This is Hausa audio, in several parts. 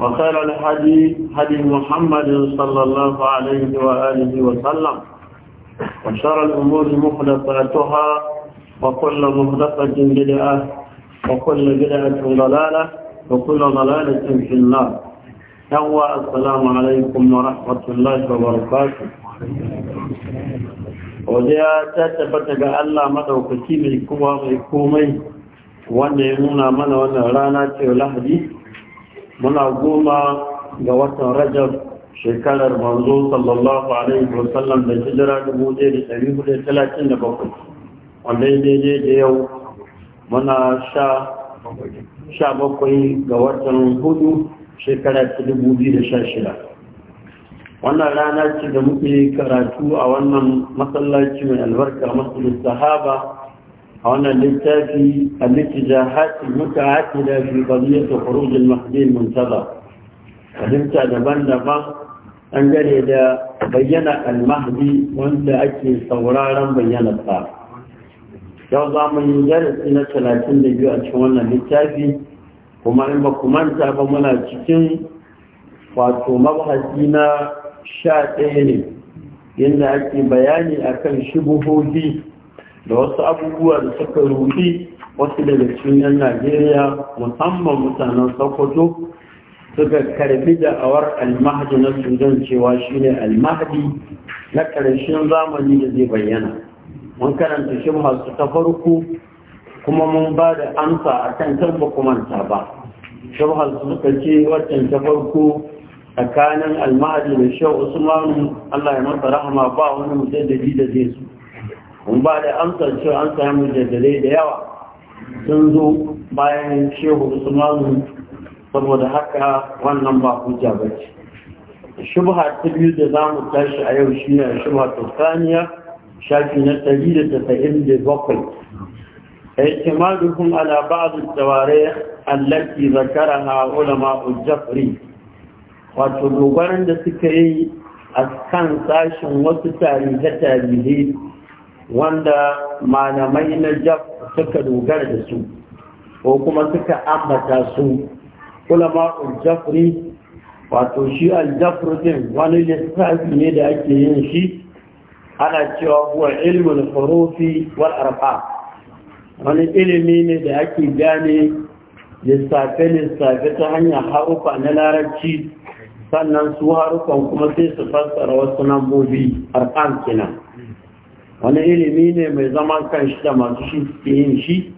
وخير الحديث حديث محمد صلى الله عليه وآله وسلم وشر الأمور مخلصاتها وكل مخلصة بدعة وكل بدعة ضلالة وكل ضلالة في النار يوى السلام عليكم ورحمة الله وبركاته وديا تتبتك ألا مدعو كتيب الكوى والكومي وانا يمونا من وانا رانا تيو لحدي muna goma ga watan rajab shekarar manzo sallallahu alaihi wasallam da hijira 1437 wanda daidai da yau muna sha bakwai ga watan hudu shekarar 2016 wannan rana ce da muke karatu a wannan masallaci mai albarka masu sahaba a wannan littafi a littija haƙi muka haƙi da fi ƙarfi ta ƙarfi mahdi muntaba a littar daban-daban an gare da bayyana al-mahdi wanda ake sauraron bayyanar ta yau za mu yi darasi na biyu a cikin wannan littafi kuma in ba kumanta ba muna cikin wato mabahasi na sha ɗaya ne inda ake bayani akan shubuhohi shubuhohi da wasu abubuwa da suka rufi wasu daga cikin yan najeriya musamman mutanen sokoto suka karbi awar almahdi na sudan cewa shine almahdi na karshen zamani da zai bayyana mun karanta shi masu ta farko kuma mun ba da amsa a kan tabbakumanta ba shubhar suka ce waccan ta farko tsakanin almahadi da sha usmanu allah ya masa rahama ba wani mujaddadi da zai su mun ba da amsar cewa an samu jaddare da yawa sun zo bayan shehu usmanu saboda haka wannan ba hujja ba ce shubha ta biyu da za mu tashi a yau shi ne shubha saniya, shafi na ɗari da tasa'in da bakwai A اعتمادهم على بعض التواريخ التي ذكرها علماء wato وتدوبرن da suka yi a kan sashen wasu tarihe-tarihe wanda malamai na jaf suka dogara da su ko kuma suka ambata su ulama jafri wato shi jafri din wani lissafi ne da ake yin shi ana cewa huwa ilmin farofi wal arfa wani ilimi ne da ake gane lissafe-lissafe ta hanyar harufa na larabci sannan su harufan kuma sai su fassara wasu nambobi arfan kenan wani ilimi ne mai zaman kan shi da masu shi suke yin shi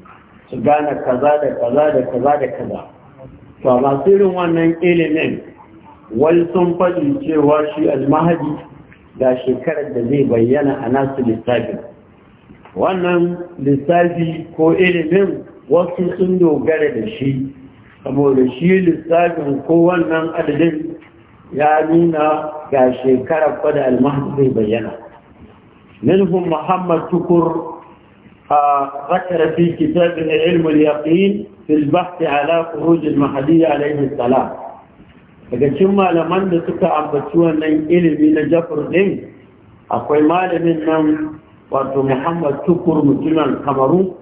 su gane kaza da kaza da kaza da kaza to masu irin wannan ilimin wani sun faɗi cewa shi almahadi da shekarar da zai bayyana a nasu lissafi wannan lissafi ko ilimin wasu sun dogara da shi saboda shi lissafin ko wannan adadin ya nuna ga shekarar fada almahadi zai bayyana منهم محمد شكر ذكر في كتابه علم اليقين في البحث على خروج المهدي عليه السلام daga cikin malaman da suka ambaci wannan ilimi na jafar din akwai malamin nan wato muhammad tukur mutumin kamaru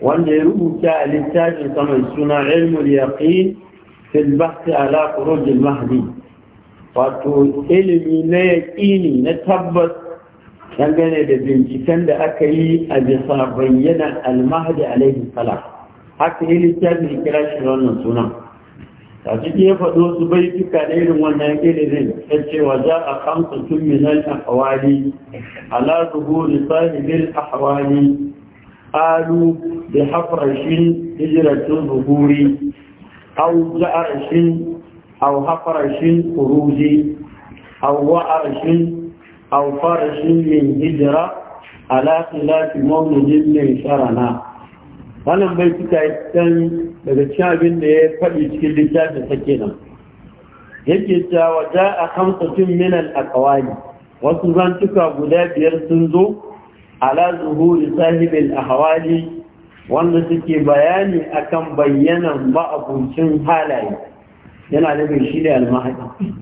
wanda ya rubuta a littafin saman suna ilmul yaqin fil bahthi ala khuruj al mahdi wato ilimi na yaqini na tabbas dangane da binciken da aka yi a bisa bayyana almahdi alaihi salam haka yi littafin kira shi wannan sunan a cikin ya faɗo su bai tuka da irin wannan ilirin ta cewa za a kamsa tun minal ahawali ala zuhuri sahibin ahawali alu da hafarashin hijiratun zuhuri au ja'arashin au hafarashin kuruzi au wa'arashin أو فرش من هجرة على خلاف ne من wannan bai suka yi can daga cikin abin da ya faɗi cikin littafin ta kenan yake cewa ja a minan a akawani wasu zantuka guda biyar sun zo ala zuhuri sahibin hawali wanda suke bayani akan bayyanan ma'abucin halaye yana nufin shi ne almahadi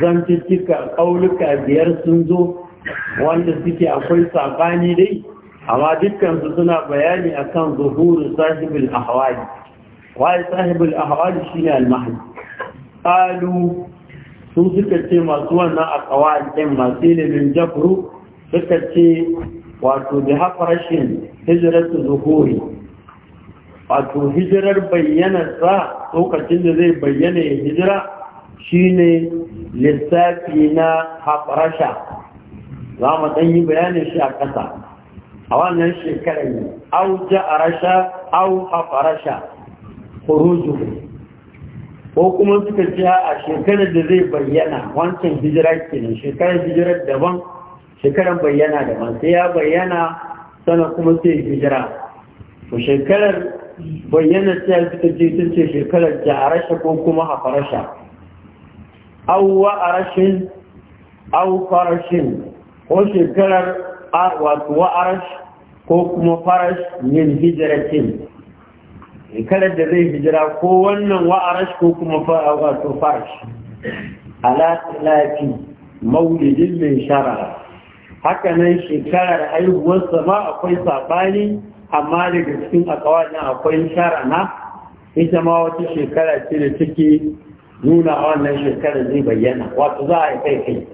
zancicika ƙauluka biyar sun zo wanda suke akwai saɓani dai amma dukkansu suna bayani a kan zuhuru sahibul ahwali waye sahibul ahwali shine al-mahdi ƙalu sun suka ce masu wannan a ƙawar ɗin masu ilimin jafuru, suka ce wato rashin hijirar su zuhuri wato hijirar bayyanar sa lokacin da zai bayyana ya hijira shine lissafi na haɓarasha za mu ɗan yi bayanin shi a ƙasa a wannan shekarar ne au ja'arasha au haƙarasha kuruju ko kuma suka ce a shekarar da zai bayyana wancan hijira kenan shekarar hijirar daban shekarar bayyana daban sai ya bayyana sana kuma sai hijira ko shekarar bayyana sai suka ce sun ce shekarar ja'arasha ko kuma haɓarasha. au wa'arashin au farashin ko shekarar wato wa'arash ko kuma farash min hijiratin shekarar da zai hijira ko wannan wa'arash ko kuma wato farash ala talafi maulidin min shara'a haka nan shekarar haihuwarsa ba akwai saɓani amma daga cikin akawalin akwai shara na, ita ma wata shekara ce da take nuna a wannan shekarar zai bayyana wato za a yi kai kai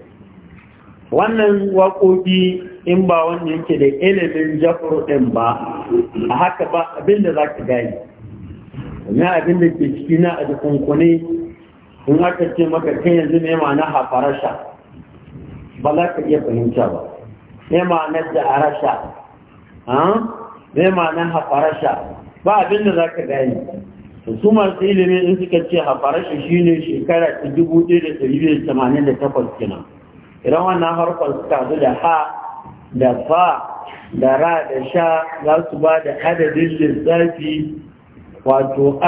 wannan waƙoƙi in ba wanda yake da ilimin jafur ɗin ba a haka ba abinda za ka gani na abinda ke ciki na a jikunkune in aka ce maka kai yanzu ne ma na hafarasha ba za ka iya fahimta ba ne ma na da'arasha ne ah? ma na hafarasha ba abinda za ka gani su masu ilimi in suka ce a farashi shi ne shekara ta dubu ɗaya da ɗari biyu da tamanin da takwas kenan idan wannan harkar suka haɗu da ha da fa da ra da sha za su ba da adadin lissafi wato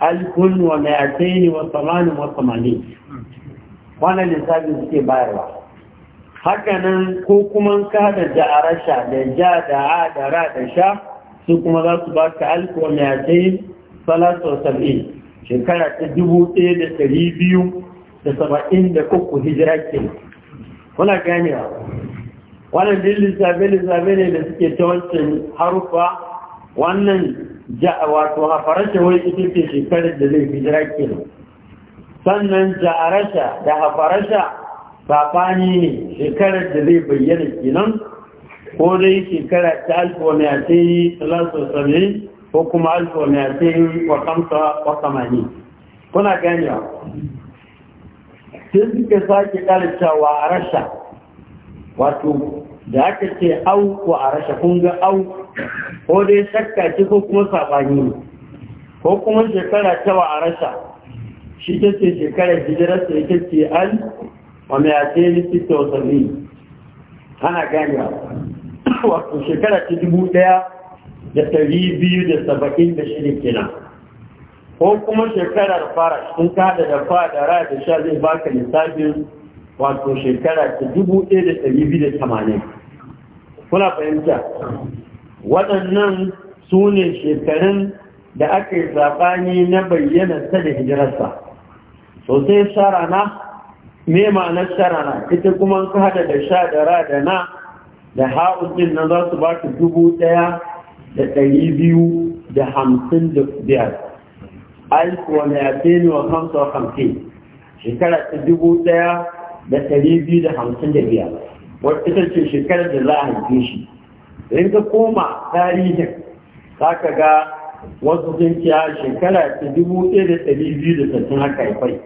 alkun wa mayatai ne wa samanin wa samanin wannan lissafin suke bayarwa hakanan ko kuma ka da rasha da ja da a da ra da sha su kuma za su ba ka alkun wa mayatai salatu sab'in shekara ta dubu ɗaya da ɗari biyu da saba'in da uku hijira ke kuna ganewa wannan din lissafe-lissafe ne da suke ta wancan harufa wannan wato hafarasha wai ita ce shekarar da zai hijira ke sannan ja'arasha da hafarasha safani ne shekarar da zai bayyana kenan ko dai shekara ta alfa wani ta yi talatin ko kuma alif wa mi'atain wa khamsa wa samani kuna ganewa sai suke sake karcewa wa rasha wato da aka ce au ko a kun ga au ko dai shakka ce ko kuma sabani ko kuma shekara ta wa rasha shi ta ce shekara shekarar sai ta ce al wa mai ake ni fito sabi ana ganewa wato shekara ta dubu daya da ɗari biyu da saba'in da shirin kenan ko kuma shekarar fara sun kada da fa da ra da sha zai baka lissafin wato shekara ta dubu ɗaya da ɗari biyu da tamanin kuna fahimta waɗannan su ne shekarun da aka yi zaɓani na bayyanarsa da hijirarsa sosai sharana me ma'anar sharana ita kuma ka hada da sha da ra da na da ha'udin na za su ba dubu ɗaya da ɗari biyu da hamsin da biyar alif wa mayatin wa hamsa wa hamsin shekara ta dubu ɗaya da ɗari biyu da hamsin da biyar wata ita ce shekarar da za a haife shi in ka koma tarihin za ka ga wasu sun ciya shekara ta dubu ɗaya da ɗari biyu da sassan haka haifai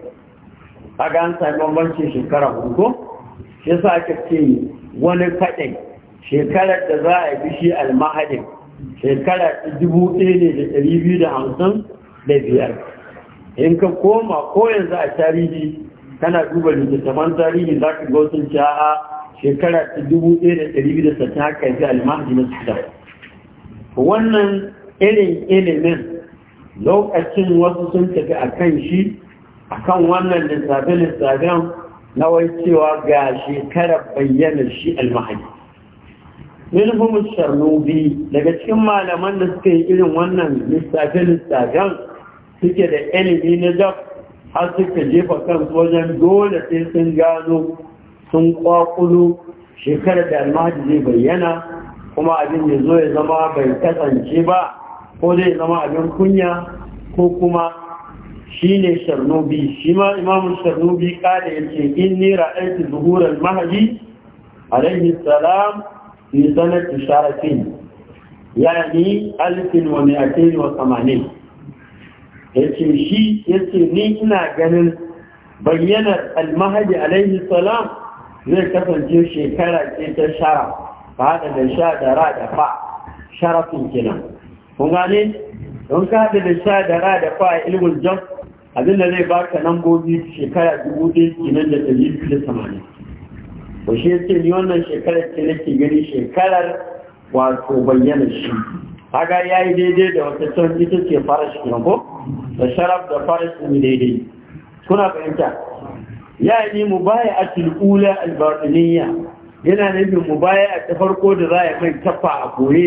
ga an sami bambancin shekara hudu shi sa aka ce wani kaɗai shekarar da za a bi shi almahadin shekara dubu ɗaya ne da ɗari biyu da hamsin da biyar in ka koma ko yanzu a tarihi kana duba littattafan tarihi za ka ga wasu ja'a shekara ta dubu ɗaya da ɗari biyu da sattin haka yanzu alimahdi na suka wannan irin ilimin lokacin wasu sun tafi a kan shi a kan wannan lissafe-lissafen na wai cewa ga shekara bayyana shi almahadi minhum sharnubi daga cikin malaman da suka yi irin wannan lissafe-lissafen suke da ilimi na jaf har suka jefa kansu wajen dole sai sun gano sun kwakulu shekarar da almahadi zai bayyana kuma abin da zo ya zama bai kasance ba ko zai zama abin kunya ko kuma shi ne sharnubi shi ma imamun sharnubi kada ya ce in ni ra'aiti zuhurar mahadi alaihi salam في سنة إشارة يعني ألف ومئتين وثمانين yace shi yace ni ina ganin bayyanar almahadi alaihi salam zai kasance shekara ce ta shara ba da sha da ra da fa sharafin kenan kun gane don ka haɗa da sha da ra da fa ilmul jam abinda zai baka nambobi shekara dubu ɗaya kenan da ɗari biyu da tamanin to shi ni wannan shekarar ce nake gani shekarar wato bayyana shi ya yayi daidai da wata can ita ce shi kenan ko da sharaf da shi ne daidai kuna fahimta yani mubayi'atul ula al-batiniyya yana nufin a ta farko da za a kai kafa a koyi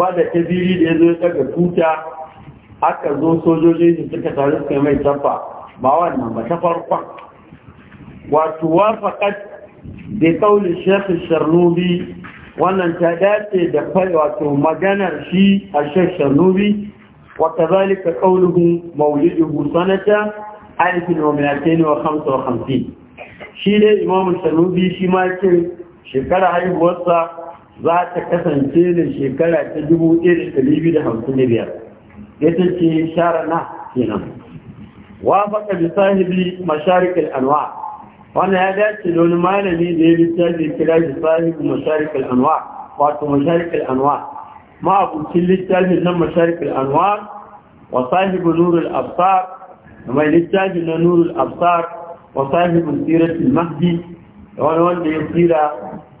ba da tabiri da yazo ta daga tuta aka zo sojoji su suka taru kai mai kafa ba wannan ba ta farkon wato wafaqat da kaulin shekhi sharnubi wannan ta dace da wato maganar shi a shekhi sharnubi wata zalika kauluhu mauliduhu sanata alifin wa milatini wa hamsa wa hamsi shi ne imamu sharnubi shi ma ce shekara haihuwarsa za ta kasance da shekara ta dubu ɗaya da ɗari biyu da hamsin da biyar ita ce shara kenan wa faɗa bisahibi masharikul anwa' wanda ya dace da wani malami da ya littafi kira da sahibu masharikul anwa wato masharikul anwa ma abucin littafin na masharikul anwa wa sahibu nurul absar mai littafin na nurul absar wa sahibu siratul mahdi da wani wanda ya tsira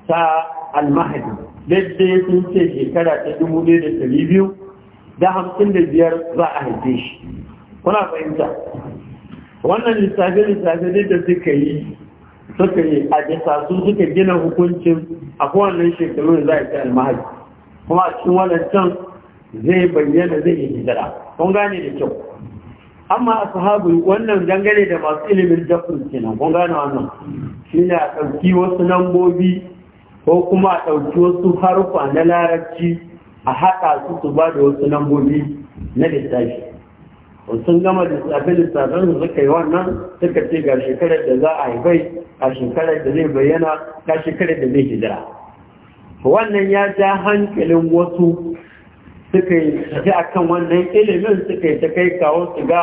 ta al-mahdi daidai sun ce shekara ta dubu ɗaya da ɗari biyu da hamsin da biyar za a haife shi kuna fahimta wannan lissafe-lissafe ne da suka yi suka yi a bisa su suka gina hukuncin a kowannan shekaru da za a ci almahadi kuma a cikin wannan can zai bayyana zai yi hijira kun gane da kyau amma a sahabu wannan dangane da masu ilimin dafin kenan kun gane wannan shi ne a ɗauki wasu lambobi ko kuma a ɗauki wasu harufa na larabci a haɗa su su ba da wasu lambobi na littafi sun gama lissafe lissafen su suka yi wannan suka ce ga shekarar da za a haifai a shekarar da zai bayyana ga shekarar da zai hijira wannan ya ja hankalin wasu suka yi tafi a kan wannan ilimin suka yi ta kai kawo su ga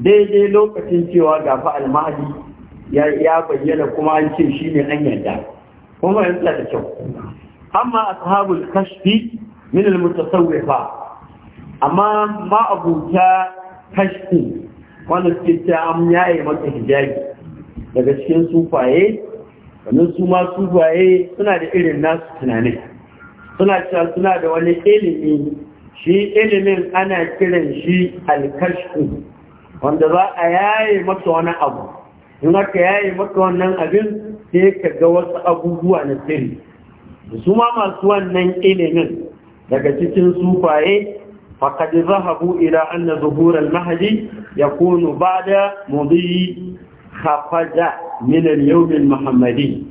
daidai lokacin cewa gafa almahadi ya bayyana kuma an ce shi ne an yarda kuma yin da kyau amma a ashabul kashfi min al-mutasawwifa amma ma abuta kashku wanda suke ta an yaye maka hijabi daga cikin sufaye wannan su ma sufaye suna da irin nasu tunanin suna cewa suna da wani ilimi shi ilimin ana kiran shi alkashku wanda za a yaye maka wani abu in aka yaye maka wannan abin sai ka ga wasu abubuwa na sirri su ma masu wannan ilimin daga cikin sufaye فقد ذهبوا إلى أن ظهور المهدي يكون بعد مضي خفجة من اليوم المحمدي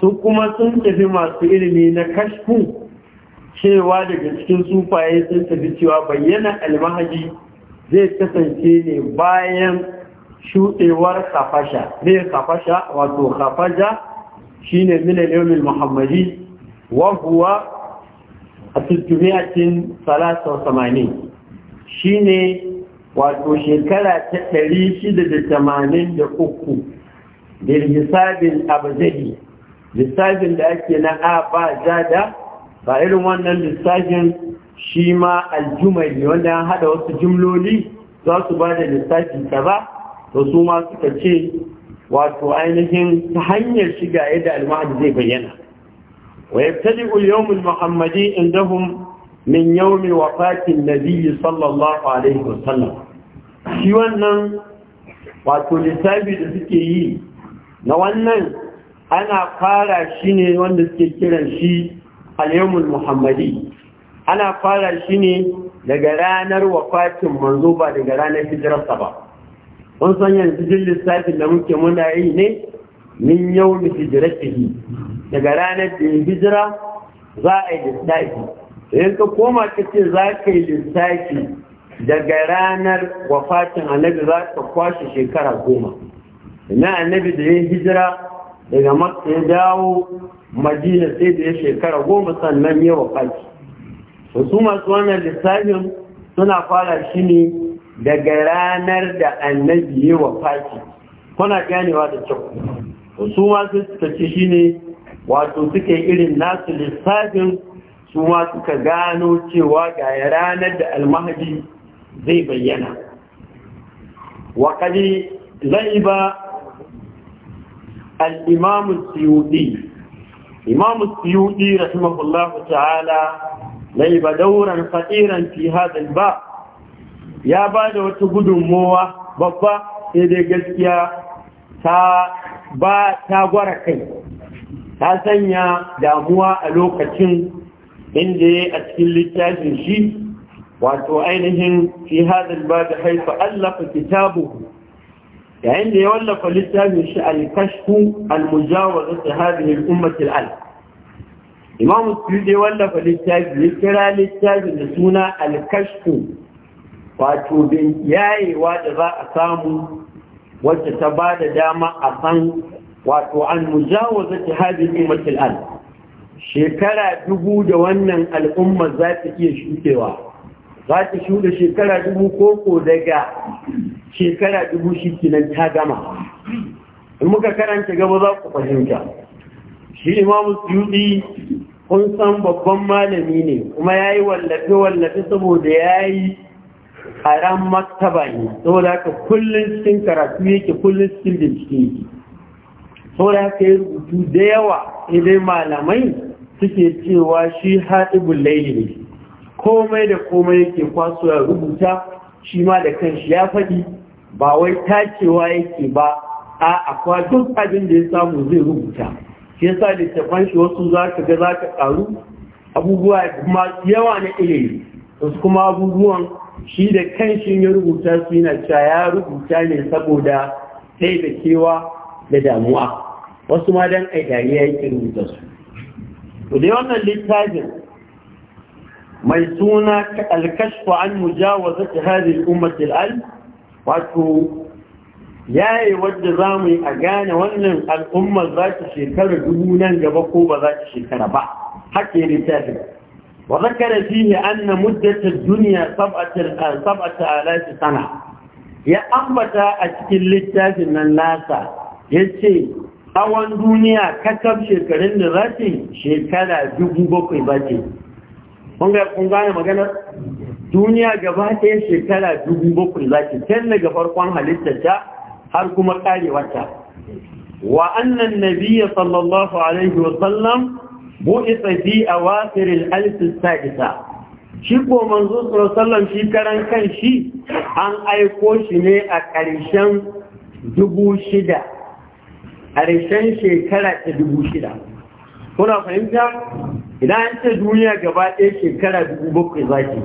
سكما سنك في ما سئل من كشف شيء والد سكين سوفا يزن سبتوا بينا المهدي زي كتنسيني باين شوئور خفشة زي خفشة وتو خفجة شين من اليوم المحمدي وهو a tiltumiyatin salasa samanin, samani shi ne wato shekara ta ɗari shida da tamanin da uku da lissabin abajadi lissabin da ake na a ba jada ba irin wannan lissafin shi ma aljumari wanda an haɗa wasu jimloli za su ba da lissafi ta ba to su ma suka ce wato ainihin ta hanyar shiga yadda almahadi zai bayyana ويبتدئ اليوم المحمدي عندهم من يوم وفاة النبي صلى الله عليه وسلم shi wannan wato lissafi da suke yi na wannan ana fara shi ne wanda suke kiran shi alyawmul muhammadi ana fara shi ne daga ranar wafatin manzo ba daga ranar hijirarsa ba kun san yanzu jin lissafin da muke muna ne min yawmi hijratihi daga ranar da ya hijira za a yi lissafi in ka koma ka ce za ka yi lissafi daga ranar wafatin annabi za ka kwashe shekara goma Ina annabi da ya hijira daga makka ya dawo madina sai da ya shekara goma sannan ya wafaki wasu masu wannan lissafin suna fara shi ne daga ranar da annabi ya wafaci kuna ganewa da kyau su ma suka ce shine wato suke irin nasu lissafin su suka gano cewa ga ranar da almahadi zai bayyana wa kadi laiba al-imam siyudi imam siyudi rahimahullahu ta'ala laiba dauran fadiran fi hada ba ya bada wata gudunmowa babba sai dai gaskiya ta ba ta gwara kai ta sanya damuwa a lokacin inda ya a cikin littafin shi wato ainihin fi hadal ba da haifa allafa Kitabu" yayin da ya wallafa littafin shi al-kashfu al-mujawazat hadhihi al al Imam ya wallafa littafi ya kira littafin da suna al wato bin yayewa da za a samu wacce ta ba da dama a san wato an mujawaza jihadin ummatil al shekara dubu da wannan al'umma za ta iya shukewa za ta shuɗe shekara dubu koko daga shekara dubu shi kinan ta gama in muka karanta gaba za ku fahimta shi imamu suyuɗi kun san babban malami ne kuma ya yi wallafe-wallafe saboda ya yi a ran maktaba ne saboda haka kullum cikin karatu yake kullum cikin bincike yake saboda haka ya rubutu da yawa idan malamai suke cewa shi haɗi laili ne komai da komai yake kwaso ya rubuta shi ma da kanshi ya faɗi ba wai tacewa yake ba a akwa duk abin da ya samu zai rubuta shi yasa littafan shi wasu za ka ga za ka ƙaru abubuwa yawa na ilimi wasu kuma abubuwan shi da kanshin ya rubuta su yana cewa ya rubuta ne saboda sai da kewa da damuwa wasu ma dan ai dariya yake rubuta su to dai wannan littafin mai suna alkashfa an mujawaza hadhihi al-ummat al wato yayi wanda zamu yi a gane wannan al'ummar za ta shekara dubu nan gaba ko ba za ta shekara ba haka littafin وذكر فيه أن مدة الدنيا سبعة سبعة آلاف سنة ya ambata a cikin littafin nan nasa ya ce tsawon duniya kakaf shekarun da za shekara dubu bakwai ba ce kun gane maganar duniya gaba ɗaya shekara dubu bakwai za ce can daga farkon halittarta har kuma karewarta wa annan sallallahu alaihi bu'isa fi awakhir al-alf al-sadisa shi ko manzo sallallahu shi karan kan shi an aiko shi ne a ƙarshen dubu shida ƙarshen shekara ta dubu shida kuna fahimta idan an ce duniya gaba ɗaya shekara dubu bakwai zaki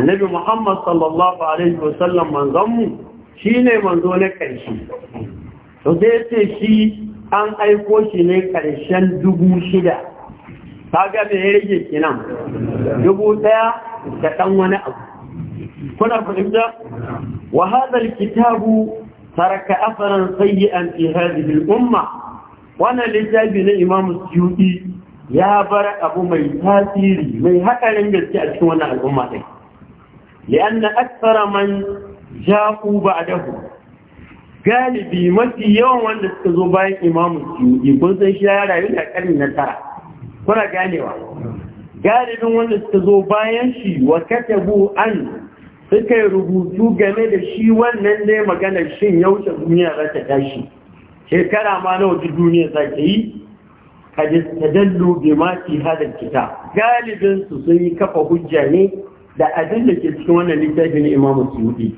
annabi muhammad sallallahu alaihi wasallam manzonmu shi ne manzo na ƙarshe to sai ce shi an aiko shi ne ƙarshen dubu shida kaga me ya rage kenan dubu daya da dan wani abu kuna fahimta wa hadha alkitabu taraka atharan sayyi'an fi hadhihi al-umma wana littafi na imamu suyudi ya bar abu mai tasiri mai hakarin gaske a cikin wannan al'umma din li'anna akthara man ja'u ba'dahu galibi mafi yawan wanda suka zo bayan imamu suyudi kun san shi ya rayu da karni na tara kuna ganewa galibin wanda suka zo bayan shi wa katabu an suka yi rubutu game da shi wannan ne maganar shin yaushe duniya za ta tashi shekara ma na ta duniya za ta yi tadallu bi ma fi hadar kita galibin su sun yi kafa hujja ne da abin da ke cikin wannan littafin Imam Suyuti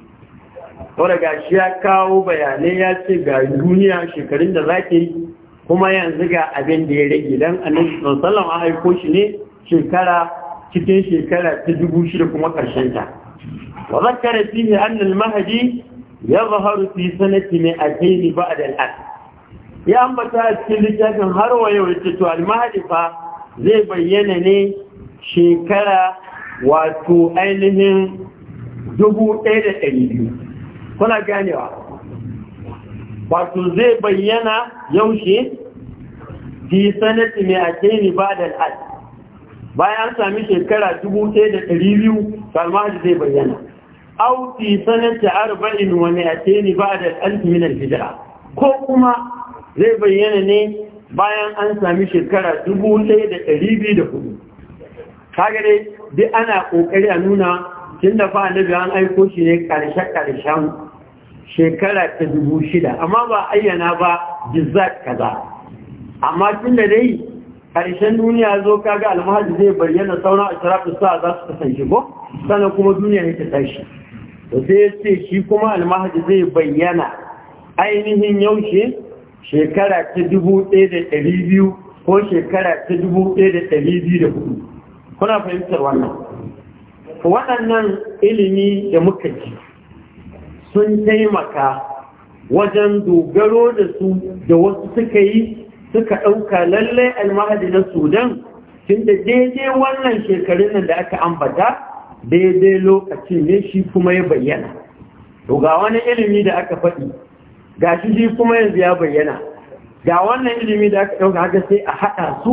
wanda gashi ya kawo bayanai ya ce ga duniya shekarun da za ta yi kuma yanzu ga abin da ya rage dan annabi sallallahu alaihi wasallam shi ne shekara cikin shekara ta dubu shida kuma karshen ta wa zakara fihi anna al-mahdi yadhharu fi sanati mi'atayn ba'da al-asr ya ambata a cikin littafin har wa yau yace to al-mahdi fa zai bayyana ne shekara wato ainihin dubu ɗaya da ɗari biyu kuna ganewa wato zai bayyana yaushe fi sanati mai ake ni ba da al'ad bayan an sami shekara 1200 salmahadi zai bayyana au fi sanati arba'in mai ake ni ba da al'adu minan hijira ko kuma zai bayyana ne bayan an sami shekara 1200 kaga dai duk ana kokari a nuna tun da fa annabi an aiko shi ne karshe-karshen shekara ta dubu shida amma ba ayyana ba jizzat kaza amma tun da dai ƙarshen duniya zo kaga almahadi zai bayyana sauran asiratu sa za su kasance ko sannan kuma duniya ne ta tashi to sai ya ce shi kuma almahadi zai bayyana ainihin yaushe shekara ta dubu ɗaya da ɗari biyu ko shekara ta dubu ɗaya da ɗari biyu da hudu kuna fahimtar wannan waɗannan ilimi da muka ji sun taimaka wajen dogaro da su da wasu suka yi suka ɗauka lallai almahadi na sudan tun da daidai wannan shekarun da aka ambata daidai lokaci ne shi kuma ya bayyana to ga wani ilimi da aka faɗi ga shi shi kuma yanzu ya bayyana ga wannan ilimi da aka ɗauka haka sai a haɗa su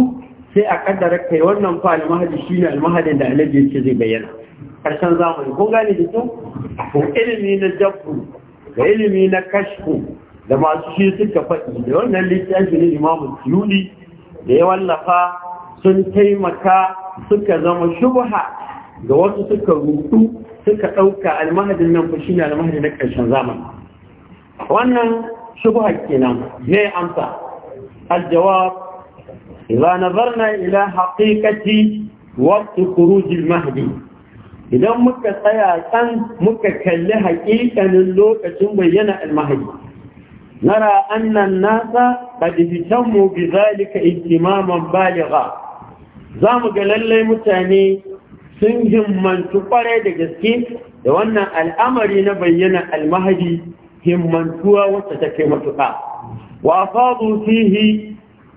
sai a ƙaddara kai wannan fa almahadi shi ne almahadin da alaji yake zai bayyana Karshen zamani kun gane da kyau ko ilimi na jabbu da ilimi na kashfu da masu shi suka faɗi da wannan littafi na imamu tiyuli da ya wallafa sun taimaka suka zama shubha ga wasu suka rutu suka ɗauka almahadin nan fa shine almahadin na karshen zamani wannan shubha kenan me amsa aljawab إذا نظرنا إلى حقيقة وقت خروج المهدي idan muka tsaya kan muka kalli haƙiƙanin lokacin bayyana almahadi nara annan nasa qad hitamu bi zalika ihtimaman baligha za mu ga lallai mutane sun himmantu kwarai da gaske da wannan al'amari na bayyana almahadi himmantuwa wacce ta kai matuƙa wa fadu fihi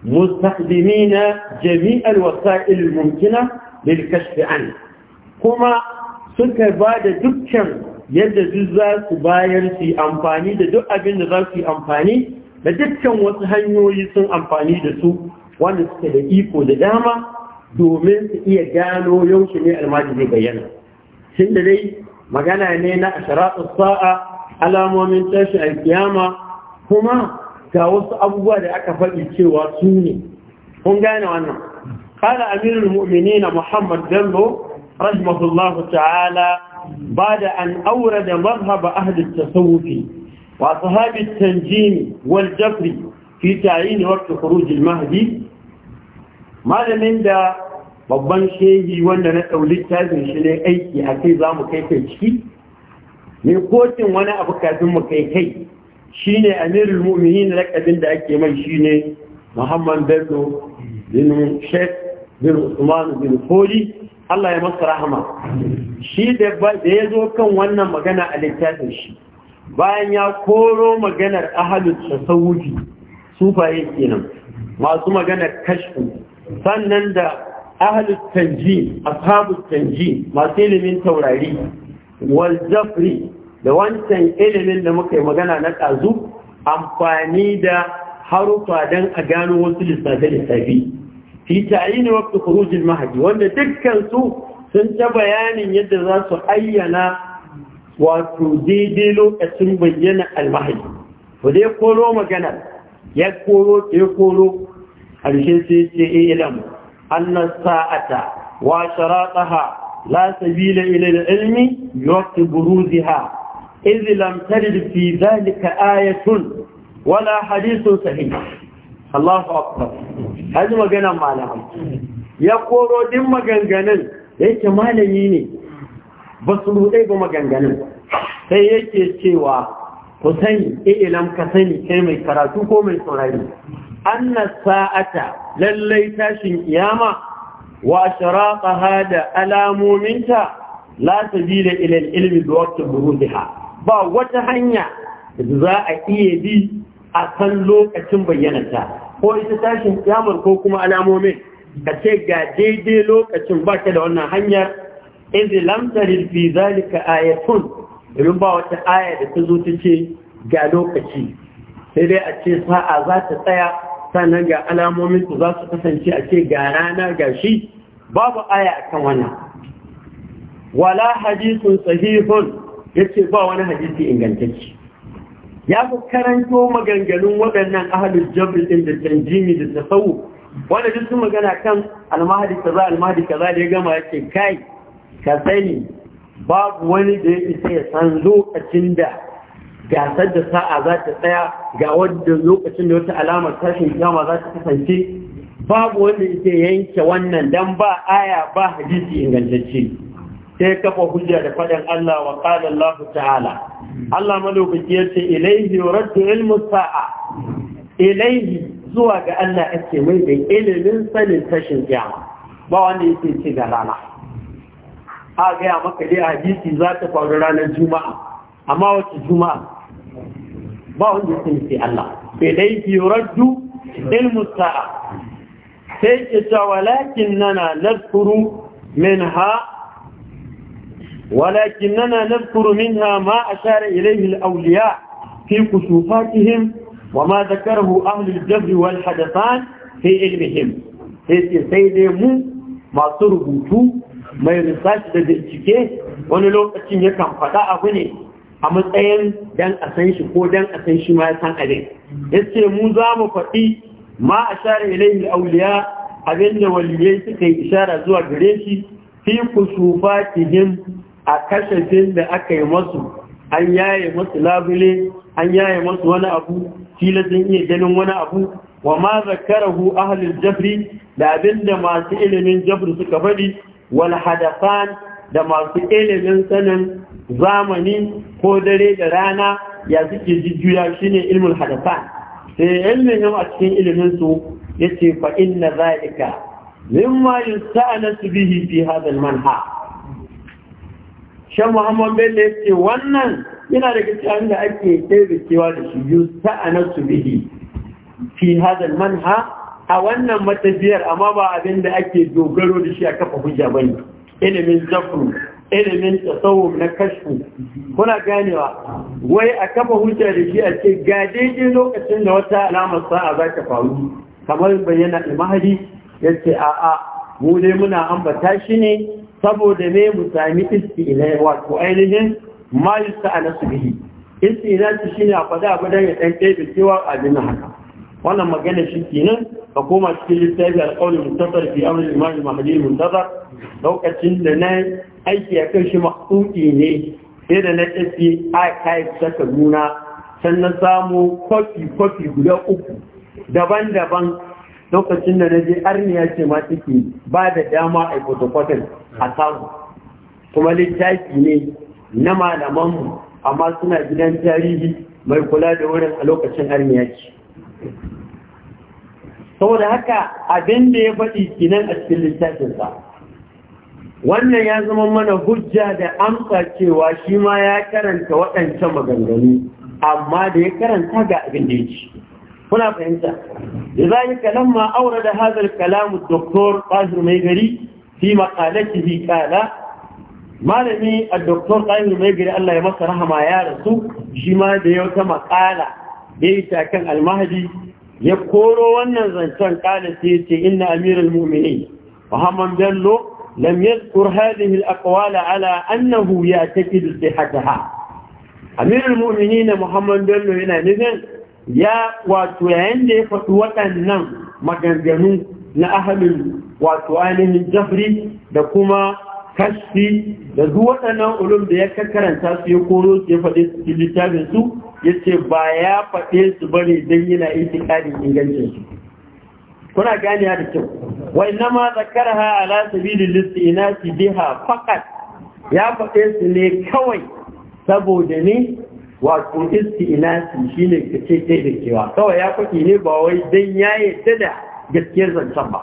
mustaqdimina jami'al wasa'il mumkina lil kashfi anhu kuma suka ba da dukkan yadda duk za su bayar su amfani da duk abin da za su yi amfani da dukkan wasu hanyoyi sun amfani da su wanda suke da iko da dama domin su iya gano yaushe ne almajin zai bayyana tun da dai magana ne na asharatu sa'a alamomin tashi alkiyama kuma ga wasu abubuwa da aka faɗi cewa su ne kun gane wannan قال أمير المؤمنين محمد جنبه رحمه الله تعالى بعد أن أورد مذهب أهل التصوف وأصحاب التنجيم والجبر في تعيين وقت خروج المهدي ما من دا babban shehi wanda na ɗau littafin shi ne aiki a kai za mu kai kai ciki ne kotun wani abu kafin mu kai kai shi ne amirul mu'minin lakabin da ake mai shi ne muhammad bello bin sheikh bin usman bin foli Allah ya masa rahama shi da ya zo kan wannan magana a littafin shi bayan ya koro maganar ahalin tasawufi sufaye kenan masu maganar kashfu sannan da ahalin tanji ashabul tanji masu ilimin taurari wal da wancan ilimin da muka yi magana na ƙazu amfani da harufa don a gano wasu lissafe-lissafe في تعيين وقت خروج المهدي وان دكان سو سنت بيان يد ذات عينا وتديدلو اسم بيان المهدي ودي يقولوا ما يقولوا يقولوا إيه الشيء سي سي علم ان الساعه وشراطها لا سبيل الى العلم وقت بروزها اذ لم ترد في ذلك ايه ولا حديث صحيح Allahu akbar haji maganan malamai ya koro din maganganun yake malami ne ba su rudai ba maganganun sai yake cewa ku sani ilam ka sani kai mai karatu ko mai saurari anna sa'ata lallai tashin kiyama wa ashraqaha da alamominta la sabila ila ilmi bi waqti burudiha ba wata hanya za a iya bi a kan lokacin bayyananta ko ita tashin kiyamar ko kuma alamomin A ce ga daidai lokacin ba da wannan hanyar izi lamtarin fi zalika ayatun domin ba wata aya da ta zo ta ce ga lokaci sai dai a ce sa'a za ta tsaya sannan ga alamomin su za su kasance a ce ga rana ga shi babu aya a kan wannan wala hadisun sahihun ya ce ba wani hadisi ingantacci. ya fi karanto maganganun waɗannan ahalin jabri din da tanjimi da tasawu wanda duk sun magana kan almahadi kaza almahadi kaza da ya gama ya ce kai ka sani babu wani da ya isa ya san lokacin da gasar da sa'a za ta tsaya ga wadda lokacin da wata alamar tashin kyama za ta kasance babu wanda ya yanke wannan dan ba aya ba hadisi ingantacce sai kafa hujja da faɗin Allah wa qala Allah ta'ala Allah madaukaki yace ilaihi yuraddu ilmu sa'a ilaihi zuwa ga Allah ake mai da ilimin sanin tashin kiyama ba wanda yake ce ga rana a gaya maka dai hadisi za ta faru ranar juma'a amma wace juma'a ba wanda yake ce Allah ilaihi yuraddu ilmu sa'a sai ke cewa lakin nana min minha ولكننا نذكر منها ما أشار إليه الأولياء في كشوفاتهم وما ذكره أهل الجبر والحدثان في علمهم sai sai dai mu masu rubutu mai research da bincike wani lokacin yakan faɗa abu ne a matsayin dan a san shi ko dan a san shi ma ya san abin yace mu za mu faɗi ma a share ilayhi auliya abin da waliyai suka yi ishara zuwa gare shi fi kusufatihim a kashe da aka yi masu an yaye masu labule an yaye masu wani abu kila sun iya ganin wani abu wa ma zakarahu ahlul jabri da abinda masu ilimin jabri suka faɗi wal hadafan da masu ilimin sanin zamani ko dare da rana ya suke jujjuya shine ilmin hadafan sai ilmin yau a cikin ilimin su yace fa inna zalika mimma yusta'anasu bihi fi hadal manha shan muhammad bello ya ce wannan yana daga cikin da ake taimakewa da shi yi sa'anar su bihi fi hadal manha a wannan matafiyar amma ba abin da ake dogaro da shi a kafa hujja bane ilimin zafru ilimin tasawuf na kashfu kuna ganewa wai a kafa hujja da shi a ce ga daidai lokacin da wata alamar sa'a za ta faru kamar bayyana imahadi ya ce a'a mu dai muna ambata shi ne saboda ne mu sami istina wato ainihin malisa yusta a bihi istina shi ne a faɗa abu ya dan ɗebe cewa abin haka wannan magana shi kenan ka koma cikin littafi alƙawli mustafar fi amrin imam mahdi muntazar lokacin da na aiki a kan shi makhsuki ne sai da na tafi a kai saka nuna sannan samu kofi kofi guda uku daban-daban lokacin da na je arniya ce ma take ba da dama a kwatakwatar a samu kuma littafi ne na malamanmu amma suna gidan tarihi mai kula da wurin a lokacin arniya ce saboda haka abin da ya faɗi kinan a cikin littafinsa wannan ya zama mana hujja da amsa cewa shi ma ya karanta waɗancan maganganu amma da ya karanta ga abin da ya ci هنا فهمت لذلك لما أورد هذا الكلام الدكتور قاهر ميغري في مقالته قال ما لني الدكتور قاهر ميغري الله يمسرها ما يارسو شما ديوتا مقالة بيتا كان المهدي يقولوا وننزل كان قال سيتي إن أمير المؤمنين وهمم جلو لم يذكر هذه الأقوال على أنه يعتقد صحتها أمير المؤمنين محمد بن هنا نزل ya wato yayin da ya faɗi waɗannan maganganu na ahalin wato ainihin jafri da kuma kashi da duk waɗannan ulum da ya karanta su ya koro su ya faɗi cikin littafin su ya ce ba ya faɗe su ba ne don yana itikadin ingancin su kuna ganiya da kyau wai na ma zakaraha ala ina su biha fakat ya faɗe su ne kawai saboda ne wato Iski shi ne ka ce da cewa kawai ya faɗi ne ba wai don ya ta da gaskiyar zancen ba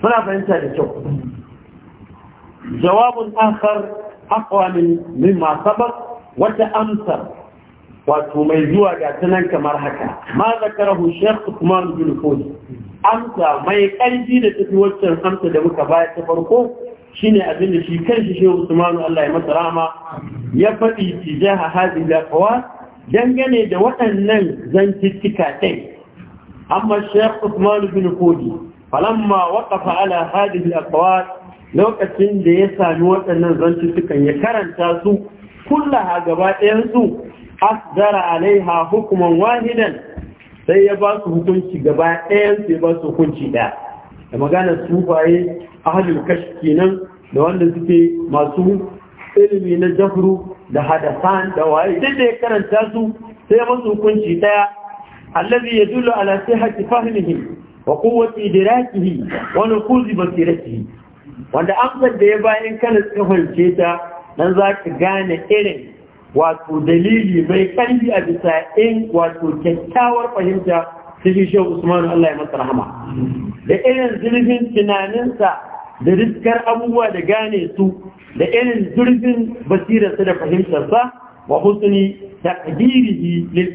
suna fahimta da kyau jawabin akhar aqwa min masu sabaq wata amsa wato mai zuwa ga tunan kamar haka ma zakarahu shaykh Usman bin Fodi amsa mai ƙarfi da tafi waccan amsa da muka bayar ta farko shine abin da shi shi shehu Usman Allah ya masa rama. ya faɗi tijaha hazi da kawa dangane da waɗannan zantittika ɗin amma shek usman bin kodi falamma waƙafa ala haɗin da kawa lokacin da ya sami waɗannan zantittukan ya karanta su kulla ha gaba ɗayansu asdara alaiha hukuman wahidan sai ya ba su hukunci gaba ɗayansu ya ba su hukunci ɗaya da magana sufaye ahalin kashi kenan da wanda suke masu ilimi na jafru da hadasan da waye duk da ya karanta su sai masu hukunci daya allazi yadullu ala sihhati fahmihi wa quwwati idrakihi wa nufuzi basiratihi wanda amsar da ya bayan kana tsahunce ta dan za gane irin wato dalili mai karfi a bisa in wato kyakkyawar fahimta cikin shi usman Allah ya masa rahama da irin zulubin tunaninsa da riskar abubuwa da gane su da irin zurfin basirarsa da fahimtarsa wa husni taqdirihi lil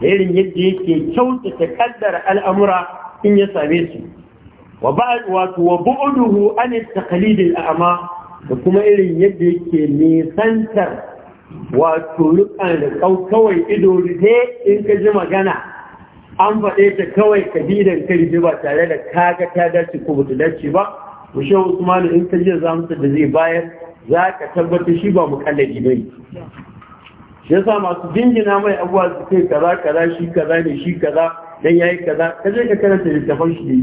da irin yadda yake kyautata kaddara al'amura in ya same su wa wato wa bu'uduhu an at ama da kuma irin yadda yake nisantar wato rukan da kawai ido rufe in ka ji magana an faɗe ta kawai kabilan karfe ba tare da kaga ta dace ko ba ta dace ba mushe usmanu in ka jiya zamsa da zai bayar za ka tabbatar shi ba mu ba ne shi yasa masu jingina mai abuwa su kai kaza kaza shi kaza ne shi kaza dan yayi kaza ka je ka karanta littafin shi ne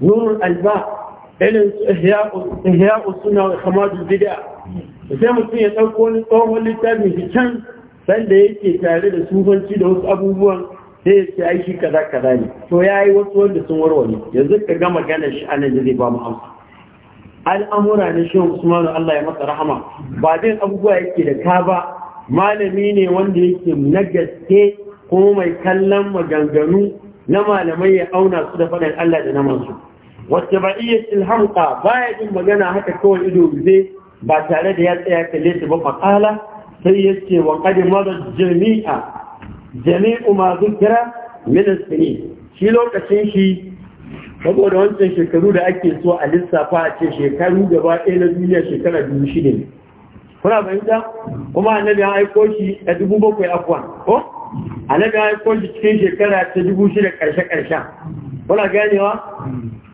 nurul alba ilin ihya'u suna wa khamadul bid'a sai mutum ya dauko wani tsohon littafin shi can sanda yake tare da sufanci da wasu abubuwan sai ya ce ai shi kaza kaza ne to ya yi wasu wanda sun warware yanzu ka ga maganar shi anan da zai ba mu amsa al'amura na shi Usman Allah ya masa rahama ba din abubuwa yake da ka ba malami ne wanda yake na gaske mai kallon maganganu na malamai ya auna su da faɗan Allah da na masu wacce ba iya ilhamka baya yin magana haka kawai ido zai ba tare da ya tsaya kalle ta ba faƙala sai ya ce wa ƙadi mara jami'a jami'u ma zukira min sini shi lokacin shi saboda wancan shekaru da ake so a lissafa a ce shekaru gaba ɗaya na duniya shekara dubu shida ne kuna fahimta kuma annabi ya aiko shi a dubu bakwai afuwa ko annabi ya aiko shi cikin shekara ta dubu shida ƙarshe ƙarshe kuna ganewa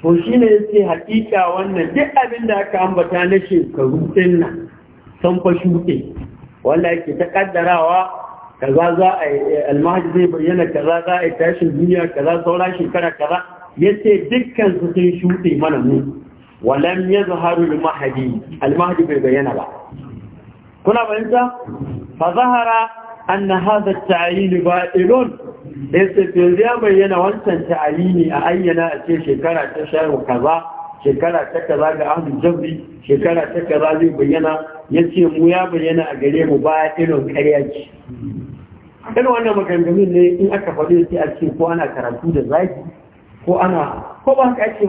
to shi ne sai hakika wannan duk abin da aka ambata na shekaru ɗin nan san fa shuɗe wanda yake ta ƙaddarawa kaza za a yi eh, zai bayyana kaza za a yi tashin duniya kaza saura shekara kaza yace dukkan su sun shuɗe mana mu walam yazharu almahadi almahadi bai bayyana ba kuna bayanta fa zahara anna hadha at-ta'yin ba'ilun yace yanzu ya bayyana wancan ta'yini a ayyana a ce shekara ta sharu kaza shekara ta kaza ga ahlu jabri shekara ta kaza zai bayyana yace mu ya bayyana a gare mu ba irin ƙarya ce irin wannan maganganun ne in aka faɗi sai a ce ko ana karatu da zaki ko ana ko ba ka ce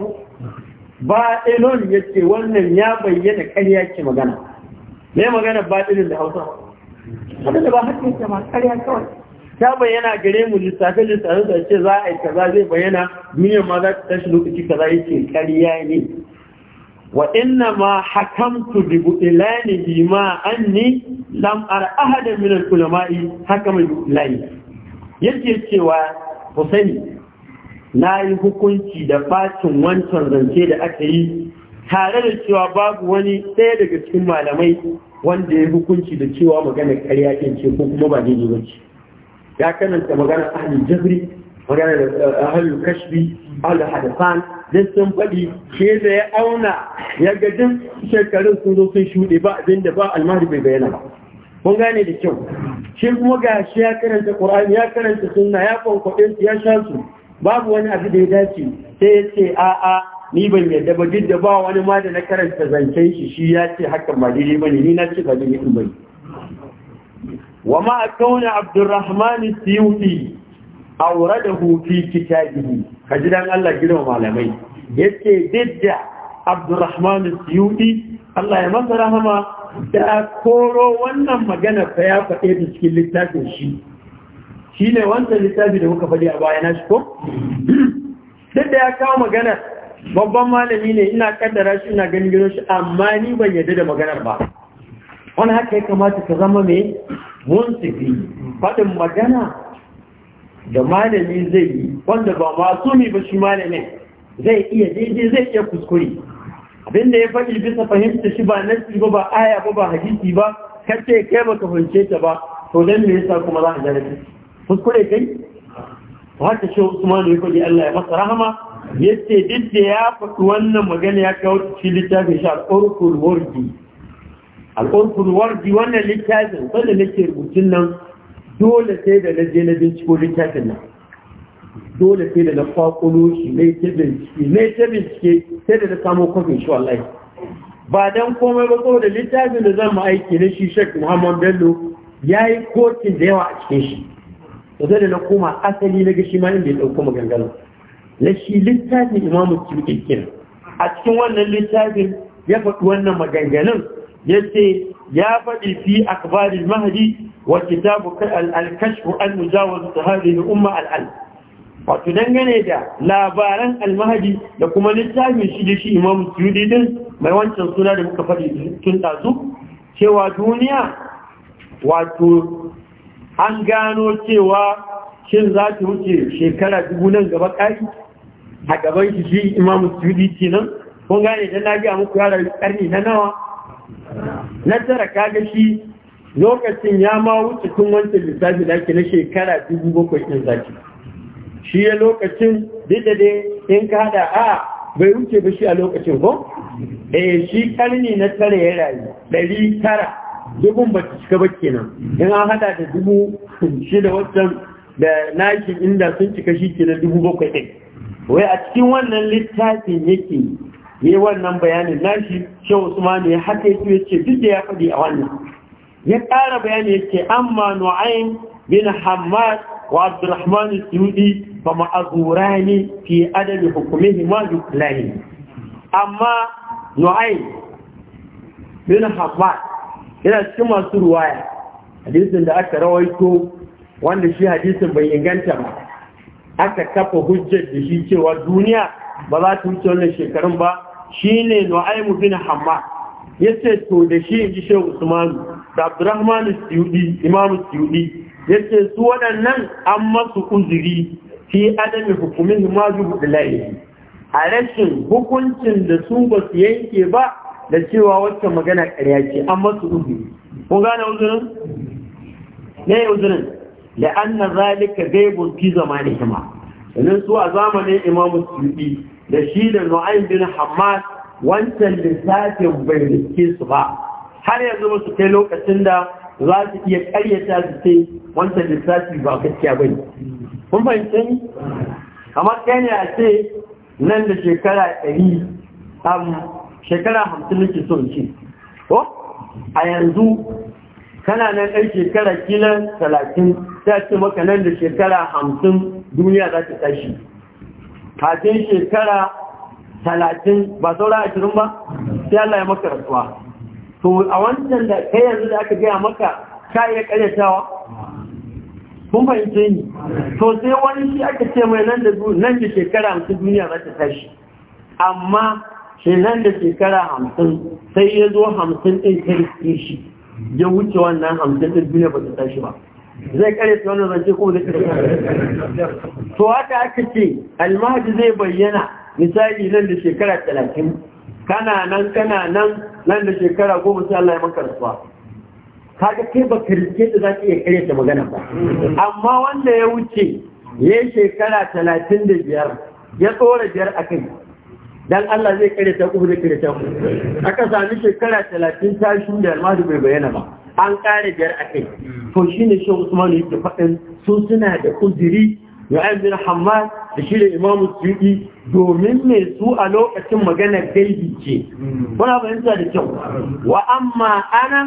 ba ilon yace wannan ya bayyana ƙarya ce magana me magana ba da Hausa wanda ba hakkin ta ma kariya kawai ta bayyana gare mu lissafe lissafe da ce za a yi kaza zai bayyana miyan ma za ta tashi lokaci kaza yake ƙarya ne wa inna ma hakamtu bi bi ma anni lam ar ahada min al ulama'i hakama bi bu'lani yake cewa Husaini na yi hukunci da bacin wancan zance da aka yi tare da cewa babu wani ɗaya daga cikin malamai wanda ya hukunci da cewa magana ƙarya ce ko kuma ba daidai ba ce ya karanta magana ahlul jabri magana da eh, ahlul kashbi ahlul hadasan don sun faɗi shi da ya auna ya ga shekarun sun zo sun shuɗe ba abin da ba almahdi bai bayyana ba kun gane da kyau shi kuma ga shi ya karanta qur'ani ya karanta sunna ya kwankwaɗe su ya sha su babu wani abu da ya dace sai ya ce a'a ni ban yadda ba duk da ba wani ma da na karanta zancen shi shi ya ce hakan ba daidai ne ni na ce ba daidai bai. wa ma kauna abdurrahman siyuti awradahu fi kitabihi kaji dan Allah girma malamai yace didda Abdulrahman siyuti Allah ya masa rahma, da koro wannan magana fa ya faɗe da cikin littafin shi shine wancan littafi da muka faɗi a baya na shi ko duk ya kawo maganar. babban malami ne ina kaddara shi ina ganin gino shi amma ni ban yarda da maganar ba wani haka ya kamata ka zama mai munsifi faɗin magana da malami zai yi wanda ba masu ne ba shi malamin zai iya daidai zai iya kuskure abinda ya faɗi bisa fahimta shi ba nasi ba ba aya ba ba hadisi ba kace kai baka fahimce ta ba to dan me yasa kuma za a jarabi kuskure kai wata shi Usman ya faɗi Allah ya masa rahama yace duk da ya faɗi wannan magana ya kawo cikin littafin shi al-Qur'an al'unkun wardi wannan littafin wanda nake rubutun nan dole sai da na je na binciko littafin nan dole sai da na faƙulo shi mai ta bincike mai ta bincike sai da na samo kwafin shi wallahi ba dan komai ba saboda littafin da zan aiki na shi shek muhammad bello ya yi kotin da yawa a cikin shi da da na koma asali na gashi ma inda ya ɗauko maganganu, na shi littafin imamu cikin a cikin wannan littafin ya faɗi wannan maganganun yace ya faɗi fi akbarin mahdi wa kitabu al-kashfu an mujawazat hadhihi umma al-al wato dangane da labaran al-mahdi da kuma littafin shi da shi Imam Suyuti din mai wancan suna da muka faɗi tun dazu cewa duniya wato an gano cewa shin za ta wuce shekara dubu nan gaba kai a gaban shi shi Imam kenan kun gane da na gaya muku yara karni na nawa na tara kaga shi lokacin ya ma wuce tun wancan lissafi da ake na shekara dubu bakwai ɗin zaki shi ya lokacin duk da dai in ka hada a bai wuce ba shi a lokacin ko eh shi karni na tara ya rayu ɗari tara dubun ba cika ba kenan in an hada da dubu shida wancan da nashi inda sun cika shi ke na dubu bakwai ɗin wai a cikin wannan littafin yake yi wannan bayanin nashi shi usman ya haka yake yace duk da ya faɗi a wannan ya ƙara bayani an amma nu'aym bin Hamad wa abdurrahman suyudi fa ma'azurani fi adami hukumihi ma yuklahi amma nu'ayin bin Hamad yana cikin masu ruwaya hadisin da aka rawaito wanda shi hadisin bai inganta ba aka kafa hujjar da shi cewa duniya ba za ta wuce wannan shekarun ba Shi ne nu'aimu bin hamma. Ya ce to da shi in ji shi Usman da Abdurrahman Imamu Imam Ya ce su waɗannan an masu uzuri fi adami hukumin ma jubu a rashin hukuncin da su ba su yanke ba da cewa wacce magana ƙarya ce an masu uzuri kun gane uzurin ne uzurin da zalika gaibun fi hima. idan su a zamanin imam suyuti da shi da nu'ayin bin wancan lissafin bai riske su ba har yanzu ba su kai lokacin da za su iya karyata su ce wancan lissafi ba gaskiya ba ne kun fahimci ni kamar kai ne a ce nan da shekara ɗari shekara hamsin nake son ce ko a yanzu kana nan ɗan shekara kila talatin ta ce maka nan da shekara hamsin duniya za ta tashi kafin shekara talatin ba saura ashirin ba sai Allah ya maka rasuwa to a wancan da kai yanzu da aka gaya maka ka iya karyatawa kun fahimce ni to sai wani shi aka ce mai nan da nan da shekara hamsin duniya za ta tashi amma shi nan da shekara hamsin sai ya zo hamsin ɗin ta shi ya wuce wannan hamsin da duniya ba ta tashi ba zai kare su wani zance ko zai kare to haka aka ce almahdi zai bayyana misali nan da shekara talatin kana nan kana nan nan da shekara goma sai Allah ya maka rasuwa kaga kai ba ka rike da za ka iya kare ta magana ba amma wanda ya wuce ya shekara talatin da biyar ya tsora biyar a kai dan Allah zai karya ta ku da kare ta ku aka sami shekara 30 ta shi da almadu bai bayyana ba an kare biyar akai to shine shi Usman yake faɗan su suna da uzuri Yu'ayyar bin Hamad da shi da Imam Suyuti domin mai su a lokacin maganar gaibi ce. Kuna fahimta da kyau. Wa amma ana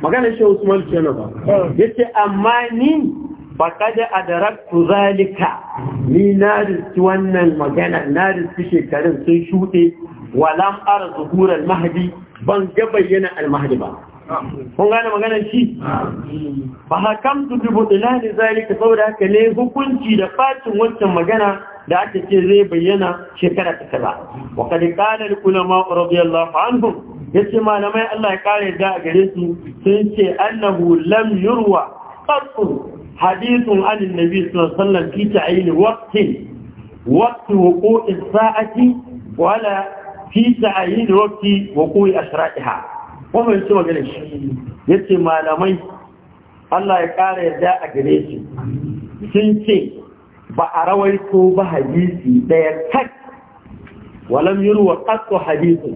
maganar shi Usman Kenan ba. Hmm. Yace amma ni a adaraktu zalika ni na riski wannan magana na riski shekarun sun shuɗe walam ara zuhurar mahadi ban ga bayyana almahadi ba kun gane maganar shi ba hakam su dubu ɗilani zalika saboda haka ne hukunci da facin wancan magana da aka ce zai bayyana shekara ta kaza wa kad qala al ulama radiyallahu anhum yace malamai Allah ya kare da a gare su sun ce annahu lam yurwa حديث عن النبي صلى الله عليه وسلم في تعيين وقت وقت وقوع الساعة ولا في تعيين وقت وقوع أشرائها وما يسمى قليش يتم على Allah ya ƙara yarda a gare shi sun ce ba a rawaito ba hadisi ɗaya tak walam yi ruwa hadisi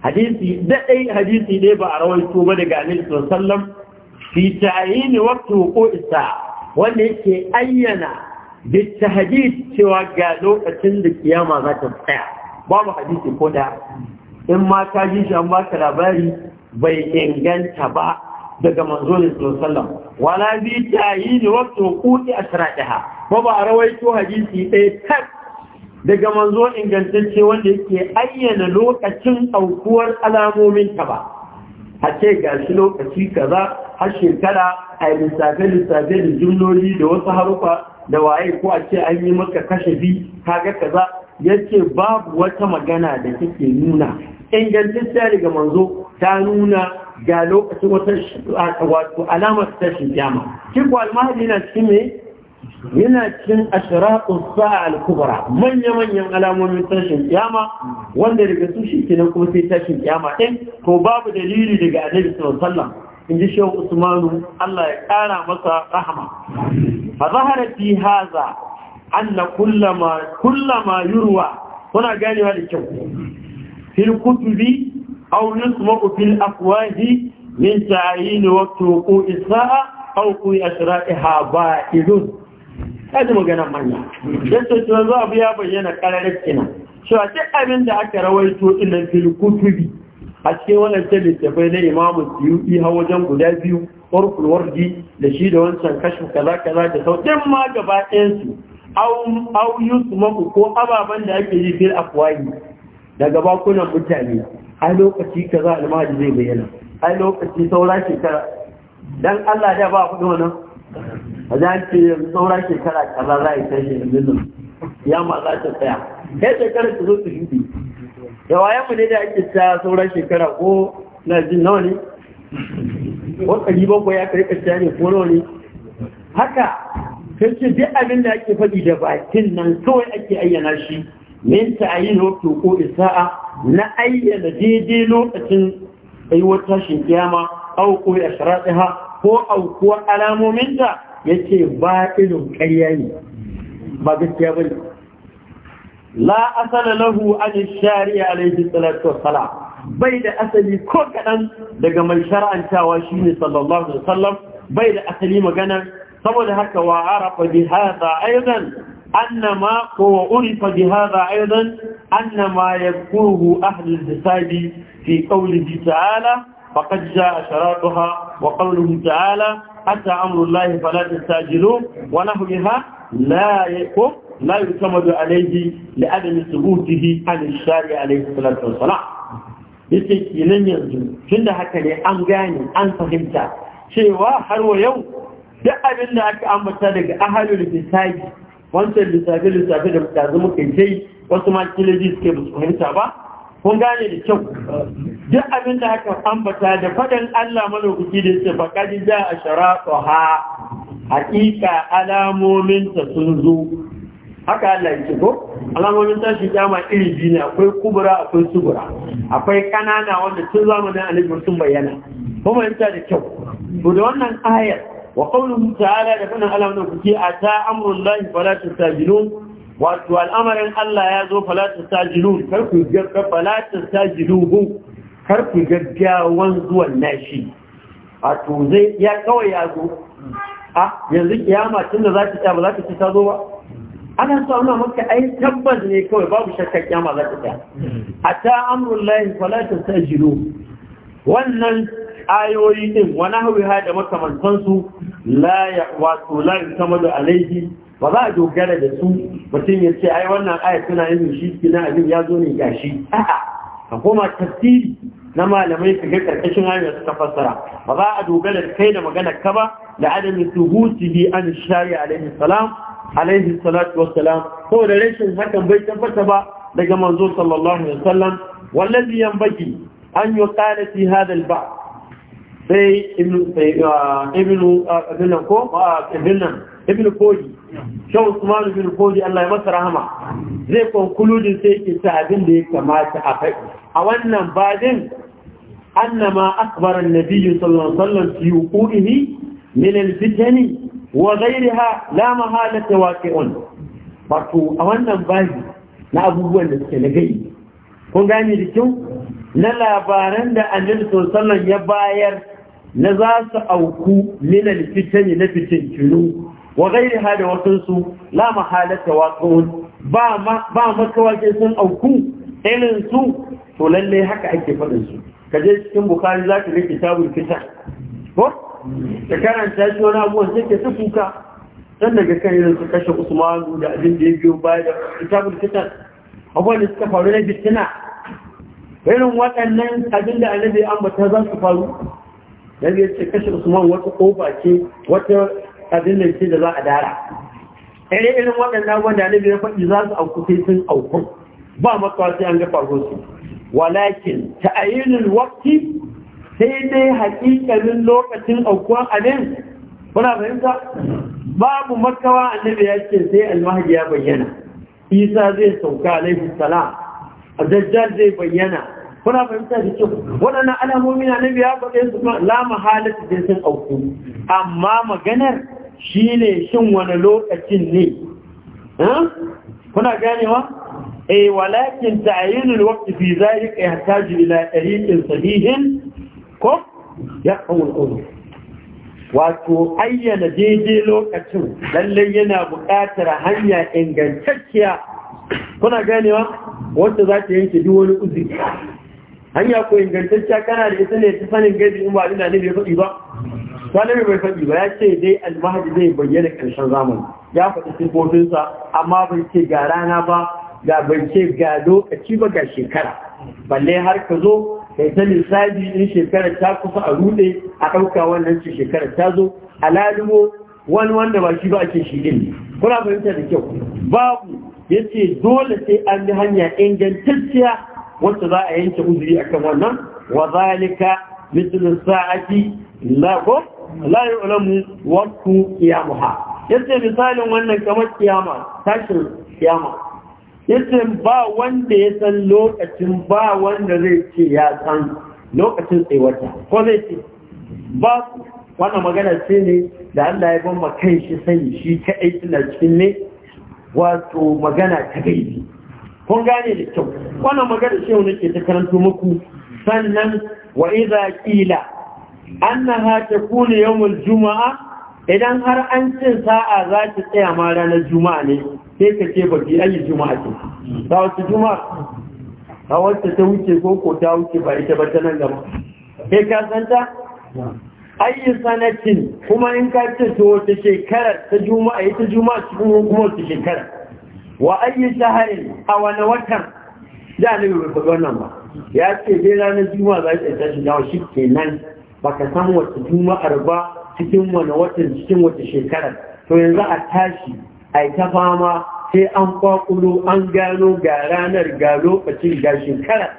hadisi daɗai hadisi ɗaya ba a rawaito ba daga amin sallam fi isa wanda yake ayyana bitahdid cewa ga lokacin da kiyama za ta tsaya babu hadisi ko da in ma ka ji shi an ka labari bai inganta ba daga manzonin ne sallam wala bi tayi ne wato kuti asradaha ba ba rawaito hadisi ɗaya tak daga manzo ingantacce wanda yake ayyana lokacin aukuwar alamomin ta ba a ce ga shi lokaci kaza har shekara a yi lissafe-lissafe da jimloli da wasu harufa da waye ko a ce an yi maka kashe bi kaga kaza yace babu wata magana da take nuna ingantacciya daga manzo ta nuna ga lokacin wata wato alamar tashin kiyama shi ko almahadi na cikin mai yana cikin ashraqus sa'a al-kubra manya manyan alamomin tashin kiyama wanda daga su shi kenan kuma sai tashin kiyama din to babu dalili daga annabi sallallahu alaihi inji shehu usmanu Allah ya ƙara masa rahama fa zahara fi haza, anna kullama kullama yurwa kuna ganewa da kyau fil kutubi aw yusma'u fil afwahi min ta'yin waqti wuqu'i aw qi ashra'iha ba'idun kaji maganar manya don tattalin zuwa abu ya bayyana ƙararar kina a duk abin da aka rawaito ina kutubi. a cikin wannan ta littafai na imamu suyuɗi har wajen guda biyu warkul wardi da shi da wancan kashin kaza kaza da sautin ma gaba ɗayansu au yusu maku ko ababen da ake yi fil afwayi daga bakunan mutane ai lokaci kaza almajiri zai bayyana ai lokaci saura shekara dan Allah da ba kuɗi wannan a za ce yanzu saura shekara kaza za a yi tashi da mizin yamma za ta tsaya kai shekara ta zo ta shuɗe yawa yamma ne da ake ta saura shekara ko na jin nawa ne ko ɗari bakwai ya kai ƙarshe ne ko nawa ne haka sai ce duk abin da ake faɗi da bakin nan kawai ake ayyana shi min ta'ayin wato ko isa'a na ayyana daidai lokacin aiwatar shin kiyama au ko ya sharaɗi ha ko aukuwa alamomin da yake ba irin ƙarya ba gaskiya bane la asala lahu an shari'a alayhi salatu wassalam bai da asali ko kadan daga mai shar'antawa shine sallallahu alaihi wasallam bai da asali magana saboda haka wa arafa bi hada aidan annama ko أنما هو أرف بهذا أيضا أنما يذكره أهل hisabi fi قوله ta'ala فقد جاء شراطها وقوله تعالى حتى أمر الله فلا تستعجلوه ونحوها لا يكون لا يعتمد عليه لعدم ثبوته عن الشارع عليه الصلاة والسلام yake kenan yanzu tun da haka ne an gane an fahimta cewa har wa yau duk abin da aka ambata daga ahalin lissafi wancan lissafi lissafi da mutazu muka yi wasu ma kilaji suke ba fahimta ba kun gane da kyau duk abin da aka ambata da fadan Allah malaukaki da yake faƙaɗi da a sharaɗo ha haƙiƙa alamominta sun zo haka Allah yake ko alamomin tashi kyama iri biyu ne akwai kubura akwai sugura akwai ƙanana wanda tun zamanin annabi sun bayyana kuma yanta da kyau to da wannan ayar wa qawluhu ta'ala da kana alamun kuke ata lahi fala tastajilun wato al'amarin Allah ya zo falatar sajilun karku falatar sajilun karku gaggawan zuwan nashi wato zai ya kawai ya zo a yanzu kiyama tun da za ta tsaya ba za ta ci ta zo ba ana so ana maka ai tabbas ne kawai babu shakka kiyama za ta tsaya hmm. a ta amrun lahi falatar sajilun wannan ayoyi din wani hawiha da makamantansu la ya wato la yusamadu alaihi ba za a dogara da su mutum ya ce ai wannan aya suna yin shi na abin ya zo ne gashi a'a ka koma tafsiri na malamai ka ga karkashin da suka fassara ba za a dogara da kai da magana ka ba da adamin suhuti bi an shari alaihi salam alaihi salatu wassalam saboda rashin hakan bai tabbata ba daga manzo sallallahu alaihi wasallam wallazi baki an yuqala fi hadha al ba. sai ibnu ah, ah, abinan ko ah, abinan ibnu koji shan usman ibnu koji allah ya masa rahama zai konkuludin sai ke ta abin da ya kamata a faɗi a wannan badin annama akbar annabiyyu sallallahu alaihi wasallam fi wuqu'ihi min al-fitani wa ghayriha la mahalata waqi'un wato a wannan babi na abubuwan da suke na gai kun gane da kyau na labaran da annabi sallallahu ya bayar na za su auku minal fitani na tunu wa gairi hada da wasansu la mahalata waƙon ba ma makawakin sun auku irin su to lallai haka ake faɗin su ka je cikin bukari za ka ga kitabun fita ko da karanta shi wani abubuwan sai ke ta kuka dan daga kan irin su kashe usman da abin da ya biyo baya da kitabun fita abubuwan da suka faru na fitina irin waɗannan abin da annabi ambata za su faru dan ya ce kashe Usman wata kofa ce wata abin da ce da za a dara ire irin waɗannan wanda ne da faɗi za su auku sai sun auku ba makawa sai an gafa faru walakin walakin ayinin wakti sai dai hakikalin lokacin aukuwan abin kuna fahimta babu makawa annabi ya ce sai almahdi ya bayyana isa zai sauka alaihi salam dajjal zai bayyana kuna fahimta da kyau waɗannan alamomi na nabi ya faɗe su la mahalatu din sun auku amma maganar shine shin wani lokacin ne kuna ganewa eh walakin ta'yin alwaqt fi zalika yahtaju ila tariqin sahihin ko ya qawl qawl wato ayyana daidai lokacin lallai yana buƙatar hanya ingantacciya kuna ganewa wanda za ta yanke duk wani uzuri hanya ko ingantacciya kana da ita ne ta sanin gaji in ba ina ne bai faɗi ba ne bai faɗi ba ya ce dai almahadi zai bayyana ƙarshen zamani ya faɗi sifofinsa amma bai ce ga rana ba ga bai ce ga lokaci ba ga shekara balle har ka zo kai ta lissafi in shekarar ta kusa a rude a ɗauka wannan ce shekarar ta zo alalimo wani wanda ba shi ba ake shi ɗin kuna fahimta da kyau babu ya ce dole sai an bi hanya ingantacciya wacce za a yanke uzuri kan wannan wa zalika mithl sa'ati la ko la ya'lamu waqtu qiyamuha yace misalin wannan kamar kiyama tashin kiyama yace ba wanda ya san lokacin ba wanda zai ce ya san lokacin tsayuwarta ko zai ce ba wannan magana ce ne da Allah ya bamba kan shi sani shi kaɗai suna cikin ne wato magana ta gaibi kun gane da kyau wannan magana shehu nake ta karanto muku sannan wa idza qila annaha takunu yawmul juma'a idan har an cin sa'a za ta tsaya ma ranar juma'a ne sai ka ce ba fi ayi juma'a ce ta wata juma'a a wata ta wuce ko ko ta wuce ba ita ba ta nan gaba sai ka san ta ayi sanatin kuma in ka ce to wata shekara ta juma'a ita juma'a cikin kuma wata shekara wa ayi shahari a wani watan da ne bai faɗi wannan ba ya ce dai ranar juma'a za ta shi dawo shi ke nan ba ka san wata juma'ar ba cikin wani watan cikin wata shekarar to yanzu a tashi a yi ta fama sai an kwakulo an gano ga ranar ga lokacin ga shekarar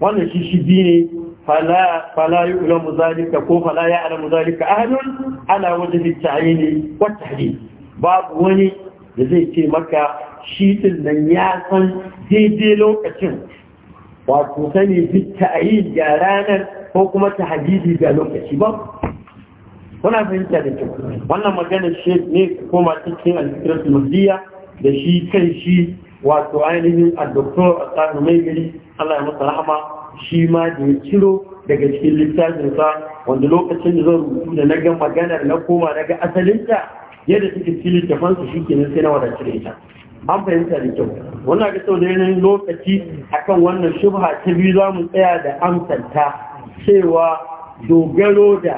wannan shi shi ne fala yi ulamu zalika ko fala ya alamu zalika ahadun ala wajen ne wata babu wani da zai ce maka shi din nan ya san daidai lokacin wato sani bitta a yi ga ranar ko kuma ta hadidi ga lokaci ba kuna fahimta da kyau wannan maganar shi ne koma cikin alfikirar musdiya da shi kan shi wato ainihin a doktor a tsarin mai gari allah ya masa rahama shi ma da ya ciro daga cikin littafinsa wanda lokacin da zan rubutu da na ga maganar na koma na ga asalinta yadda suke cikin littafan su shi kenan sai na wadace da ita an fahimta da kyau wannan ga sau da yanayin lokaci akan wannan shubha ta biyu za mu tsaya da amsanta cewa dogaro da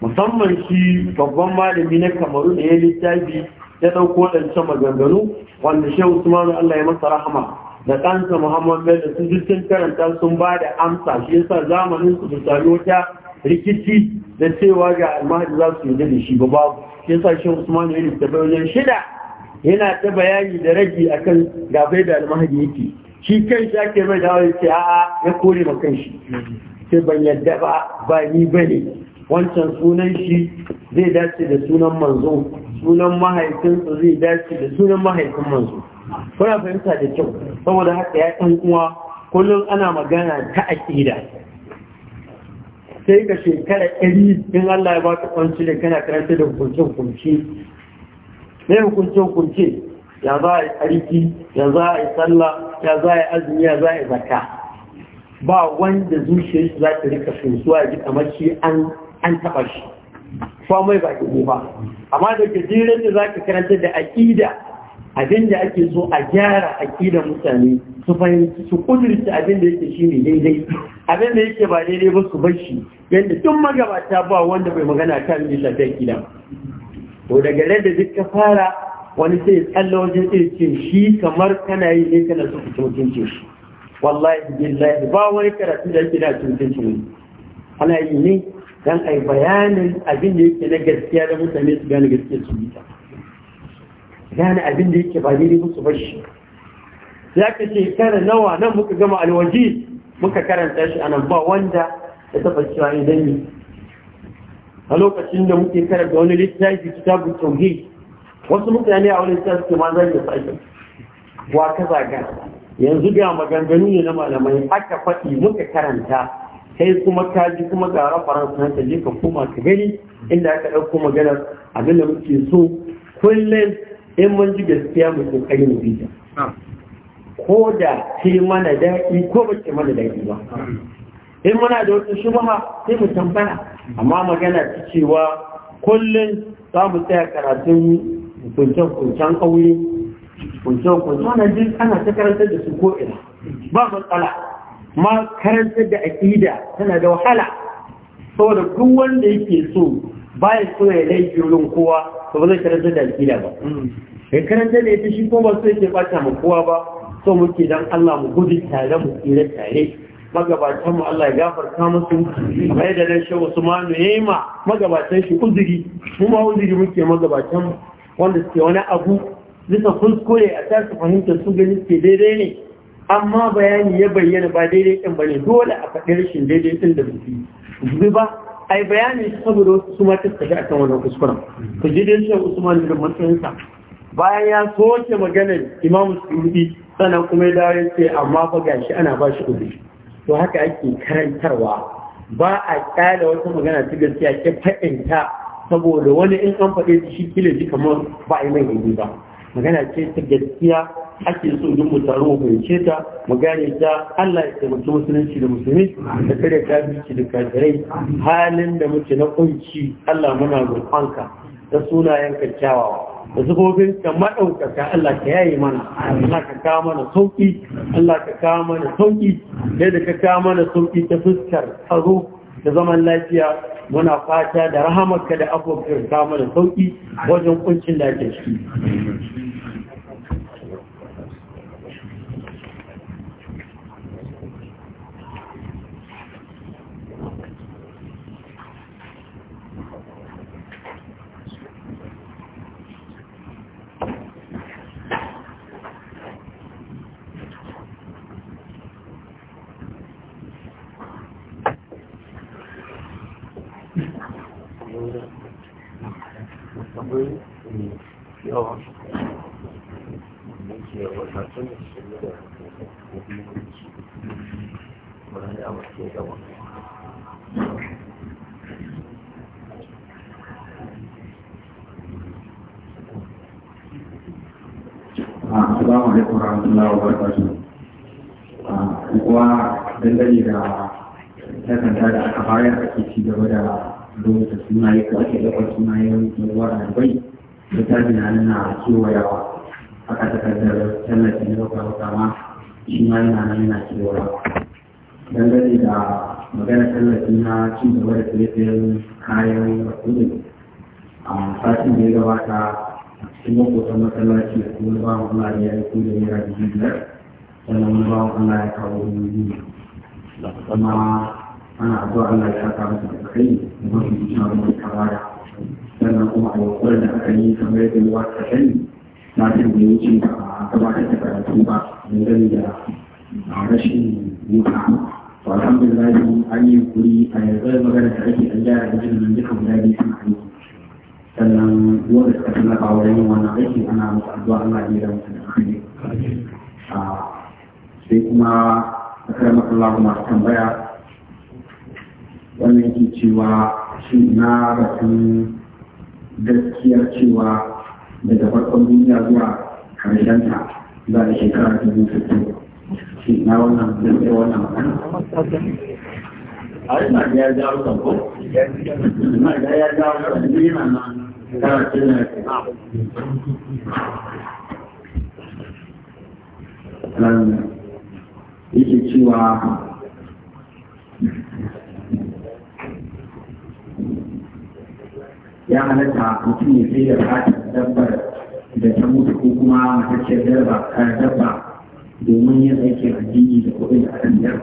musamman shi babban malami na kamaru da ya littafi ya ɗauko ɗance maganganu wanda shehu usman allah ya masa rahama da ɗansa muhammad bello sun ji sun karanta sun ba da amsa shi yasa zamanin su da wata rikici da cewa ga almahadi za su yi da shi ba babu shi sa shi Usman ibn da bayan shida yana ta bayani da ragi akan gabai da almahadi yake shi kan shi ake mai dawo yace a'a ya kore ma kan shi sai ban yadda ba ba ni bane wancan sunan shi zai dace da sunan manzo sunan su zai dace da sunan mahaifin manzo kuna fahimta da kyau saboda haka ya kan uwa kullum ana magana ta aƙida sai ka shekara ɗari in Allah ya ba ka kwanci da kana karanta da hukuncin kunci ne hukuncin hukunci ya za a yi tsarki ya za a yi sallah ya za a yi azumi ya za a yi zaka ba wanda zuciyar shi za ta rika sunsuwa ya ji kamar shi an taɓa shi ko mai ba ke ba amma da ke da za ka karanta da aƙida abin da ake so a gyara aƙidar mutane su fahimci su kudurci abin da yake ne daidai abin da yake ba daidai ba su bar shi yadda tun magabata ba wanda bai magana kan da shafi aƙida to daga da duka fara wani sai ya tsalla wajen sai shi kamar kana yi ne kana so ku mutunce shi wallahi billahi ba wani karatu da yake da mutunce ne ana yi ne dan ai bayanin abin da yake na gaskiya da mutane su gane gaskiya su yi gane abin da yake ba daidai musu bashi ya ka kana nawa nan muka gama alwaji muka karanta shi a nan ba wanda ya taɓa cewa idan ne a lokacin da muke karanta wani littafi kitabu tauhi wasu mutane a wani littafi ke ma zai sake wa ka zaga yanzu ga maganganu ne na malamai aka faɗi muka karanta sai kuma ka ji kuma ga rafaran ka je ka koma ka gani inda aka ɗauko maganar abin muke so kullum in mun ji gaskiya mu kokari mu bija ko da ke mana daɗi ko ba ke mana daɗi ba in muna da wata shubaha sai mu tambaya amma magana ta cewa kullum za mu tsaya karatun kuncen-kuncen aure kuncen-kuncen ana jin ana ta karantar da su ko ina ba matsala ma karantar da aƙida tana da wahala saboda duk wanda yake so baya so ya laifi wurin kowa to ba zai karanta da alkila ba ya karanta da ita shi ko ba so yake bata mu kowa ba so muke dan Allah mu gudu tare mu tsira tare magabatan mu Allah ya gafarta musu bai da dan shehu Usmanu yi ma magabatan shi uzuri mu ma uzuri muke magabatan wanda suke wani abu bisa kuskure a tasu fahimtar su gani suke daidai ne amma bayani ya bayyana ba daidai ba ne dole a faɗi rashin daidai din da mutum ba ai bayani saboda wasu su mata a akan wannan kuskuren ta jirgin dai Usman da matsayinsa bayan ya soke maganar Imam Suyuti sannan kuma ya dawo ce amma fa gashi ana ba shi kudi to haka ake karantarwa ba a kyale wata magana ta gaskiya ke fa'inta saboda wani in an faɗe shi kila ji kamar ba a yi mai ba magana ce ta gaskiya ake so duk mu taru mu fahimce ta mu gane ta Allah ya taimaki musulunci da musulmi da kare biki da kafirai halin da muke na kunci Allah muna gurfanka da sunayen kyakkyawa da zubobin ka maɗaukaka Allah ka yayi mana Allah ka kawo mana sauƙi Allah ka kawo mana sauƙi da ka kawo mana sauki ta fuskar tsaro da zaman lafiya muna fata da rahamarka da abubuwan kama da sauki wajen kuncin da ake ciki Assalamu alaikum warahmatullahi wabarakatuh. Kuwa ah, dangane da takanta da aka bayar ake ci gaba da rubuta sunaye ko ake ɗaukar sunaye ɗalibai littafin na nuna kewayawa haka takardar tallafi na ɗaukar kama shi ma yana nan yana kewayawa dangane da magana tallafi na cin gaba da tsaye kayan kudin a satin da ya gabata cikin makotan masallaci da kuma bawan Allah ya yi da yara dubu biyar sannan wani bawan Allah ya kawo dubu biyu ana addu'a Allah ya saka masa da kai kuma su ji cewa mai kamara sannan kuma a yankunan da aka yi kamar yadda ruwa ta sani na fi da ya wuce ba a gabatar da karatu ba dangane da rashin wuta to alhamdulillah an yi kuri a yanzu magana da ake an gyara da nan duka guda biyu sun hanyi sannan wanda suka tallafa wajen yin wannan aiki ana musu addu'a Allah ya yi da kai sai kuma a karamar Allah masu tambaya wannan ke cewa shi na batun gaskiya cewa daga farkon duniya zuwa karshenta za a shekara ta biyu sittin shi na wannan gaskiya wannan magana a yana da ya jawo kanko yana da ya jawo kanko yana nan ta da ya yake cewa ya halatta mutum ya sai da fatar dabbar da ta mutu ko kuma matacciyar dabba eh, dabba domin yin aikin addini da kuɗin da aka biyar.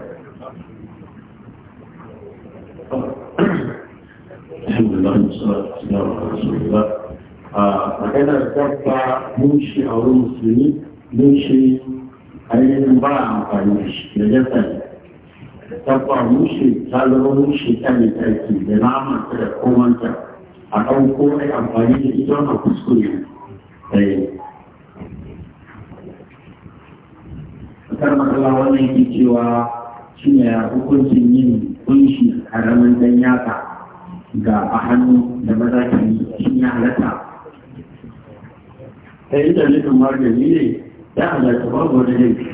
Ah, maganar dabba mun shi a wurin musulmi mun shi ainihin ba a amfani da shi da jasa ne dabba mun shi ta zama mun shi ta mai tsarki da namanta da komanta a ɗauko mai amfani da ita a kuskure ɗaya. Eh. Kasar matsala wannan yake cewa shi ne hukuncin yin kunshi a ramin dan yatsa ga a hannu da maza ke yi shi ya halatta. Ta yi dalilin magani ne ya halatta babu wani laifi.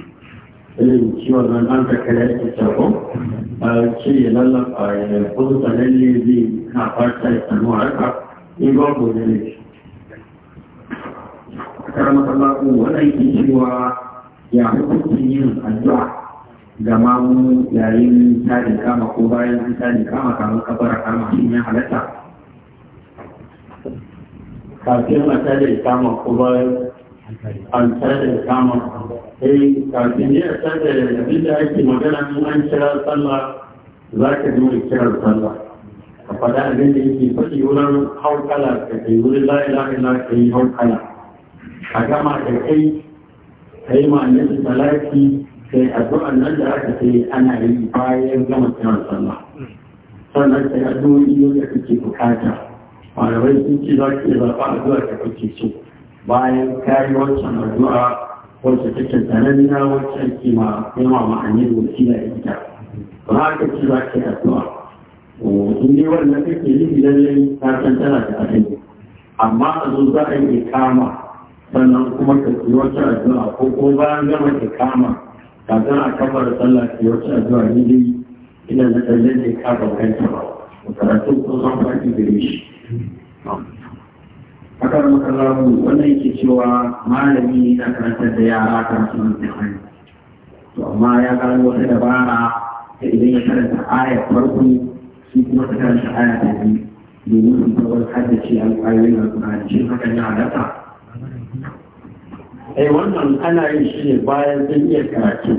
Irin ciwon zan an kakar yake sakon ba ce ya lallaka ya kusa lalle zai na fata ya sanu a haka in ba ku da ne karamar sallaku wannan ke cewa ya hukuncin yin addu'a ga mamu yayin tari kama ko bayan an tari kama kamar kafar a kama shi ne halatta kafin a tari kama ko bayan an tari kama eh kafin ya ta da abin da ake magana in an kira sallah za ka ji mai kiran sallah ka faɗa abin da yake faɗi wurin haukala ka kai wurin la'ila ila ka yi haukala a gama da kai ka yi ma'anin salati sai addu'a nan da aka ce ana yi bayan gama kiran sallah sannan ka yi addu'o'i da kake bukata malamai sun ce za ka iya zaɓa addu'a da kake so bayan ka yi wancan addu'a wacce take tsananna wacce ake ma nema ma hanyar wasila da ita ba haka ci ba ke addu'a in dai wannan kake yi lallai ta san tana da asali amma a zo za a yi ikama sannan kuma ka yi wata addu'a ko ko bayan gama ikama kafin a kafar sallah ka yi wata addu'a ni dai ina da kallon da ka ba kanta ba karatu ko san faɗi gare shi akan makallahu wannan yake cewa malami na karantar da yara su imtihani to amma ya gano wata dabara da idan ya karanta ayar farko shi kuma ta karanta aya ta biyu domin su tabar haddace alƙayoyin alƙur'ani shi hakan ya halatta ai eh, wannan ana yin shi ne bayan sun iya karatu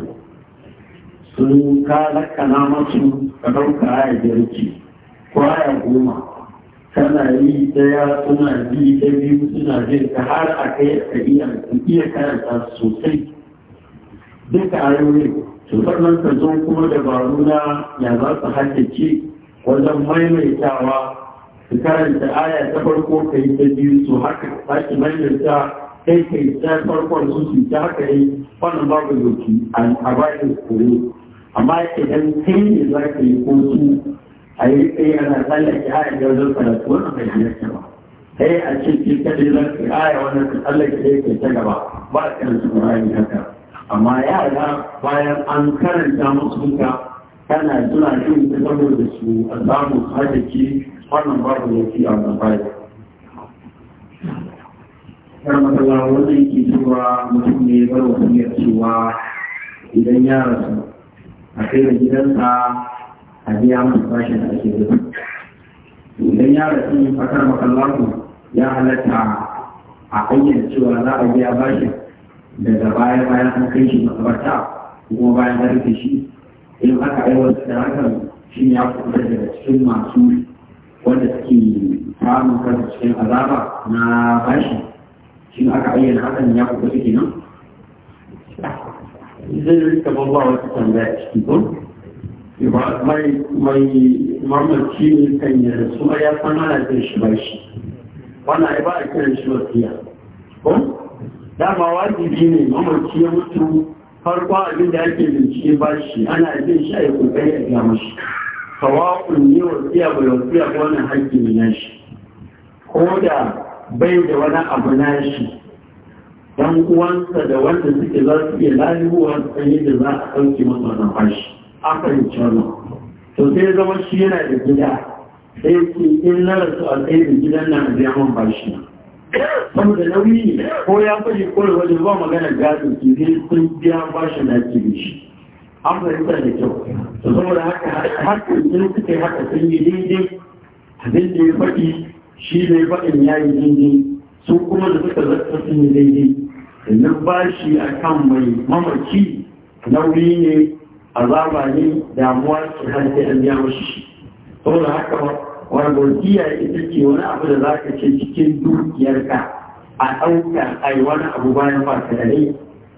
sun ka lakana masu ka ɗauka aya ko aya goma kana yi daya suna bi da biyu suna jin ta har a kai a iya iya karanta sosai duka ayoyi su sannan ka zo kuma dabaru na ya za su haddace wajen maimaitawa su karanta aya ta farko ka yi ta biyu su haka sake maimaita kai ka yi ta farkon su su ta haka yi eh, wannan babu zoki a bayan kore amma idan kai ne za ka yi kotu? a yi tsaye ana tsallake haya da wajen da wannan bai halatta ba sai a ce ki ta da zan ki haya wannan ka tsallake da yake ta gaba ba a karanta Qur'ani haka amma yara bayan an karanta musu duka tana suna yin ta saboda su a samu hadaki wannan babu yake a wannan bayan karmatala wannan ke cewa mutum ne bar wasu cewa idan ya rasu a kai da gidansa a biya mun bashin da ake zuba idan ya rasu yin fakar makallahu ya halatta a ayyana cewa za a biya bashin daga baya bayan an kai shi makabarta kuma bayan an rufe shi in aka aiwatar da hakan shi ya kuɗa daga cikin masu wanda suke samun kansu cikin azaba na bashi shi aka ayyana hakan ya kuɗa suke nan zai rika babba wata tambaya cikin mai mamaci ne kan yi da ya san ana kan shi ba shi wannan ai ba a kiran shi wasiya ko dama wajibi ne mamaci ya mutu farko abin da ake bincike ba shi ana jin shi a yi kokari a gaya mashi sawa'un ne wasiya bai wasiya ko wannan haƙƙi ne shi ko da bai da wani abu na shi dan uwansa da wanda suke za su iya laluwa su san yadda za a ɗauke masa wannan fashi aka yi cano to sai zama shi yana da gida sai ke in na rasu a da gidan nan a biya man bashi saboda nauyi ne ko ya fashe kawai wajen ba magana gado ki zai sun biya bashi na ke da shi an fahimta da kyau to saboda haka haka sun suke haka sun yi daidai abin da ya faɗi shi da ya faɗin ya yi daidai su kuma da suka zarta sun yi daidai da na bashi a kan mai mamaki nauyi ne azaba ne damuwa su kan sai an biya mashi shi saboda haka wani gurgiya ita ce wani abu da za ka ce cikin dukiyarka a ɗauka a yi wani abu bayan ba ka dare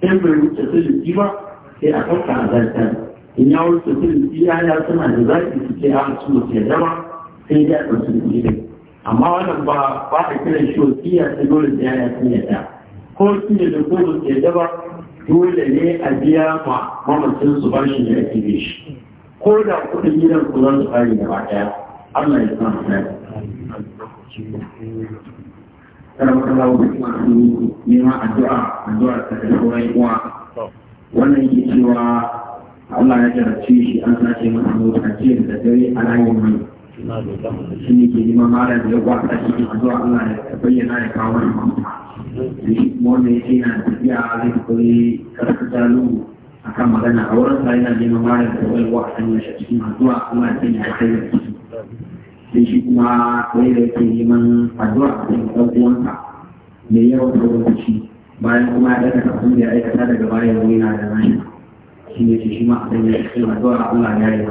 in bai wuce jiki ba sai a ɗauka a zartar in ya wuce jiki ya ya suna da zaki su ce a ah, su mutu ya zama sai dai a ɗauki sulusi ne amma wannan ba ba a kiran shi wasiya sai dole sai ya ya sun yadda ko sun yadda ko ba su ba dole ne a biya ma mamacin su bashi ne a shi ko da kudin gidan ku zan su fari gaba daya Allah ya san haka kana maka da kuma hannu nema addu'a addu'a ta kai sauran uwa wannan yake cewa Allah ya jarabce shi an sace masa mota da dare a layin mai shi ne ke neman malam da ya gwata shi ne zuwa Allah ya bayyana ya kawo wani wanda ya ce yana tafiya zai koyi karfi dalu a kan magana a wurin sa yana neman malam da wani wa a ya shi zuwa Allah ya sanya ya kai da shi sai shi kuma wani da yake neman addu'a a cikin ɗan uwansa mai yawan sauran shi bayan kuma ya ɗaga kafin da ya aikata daga bayan wani na da nashi shi ne shi ma a sanya shi? kai addu'a Allah ya yi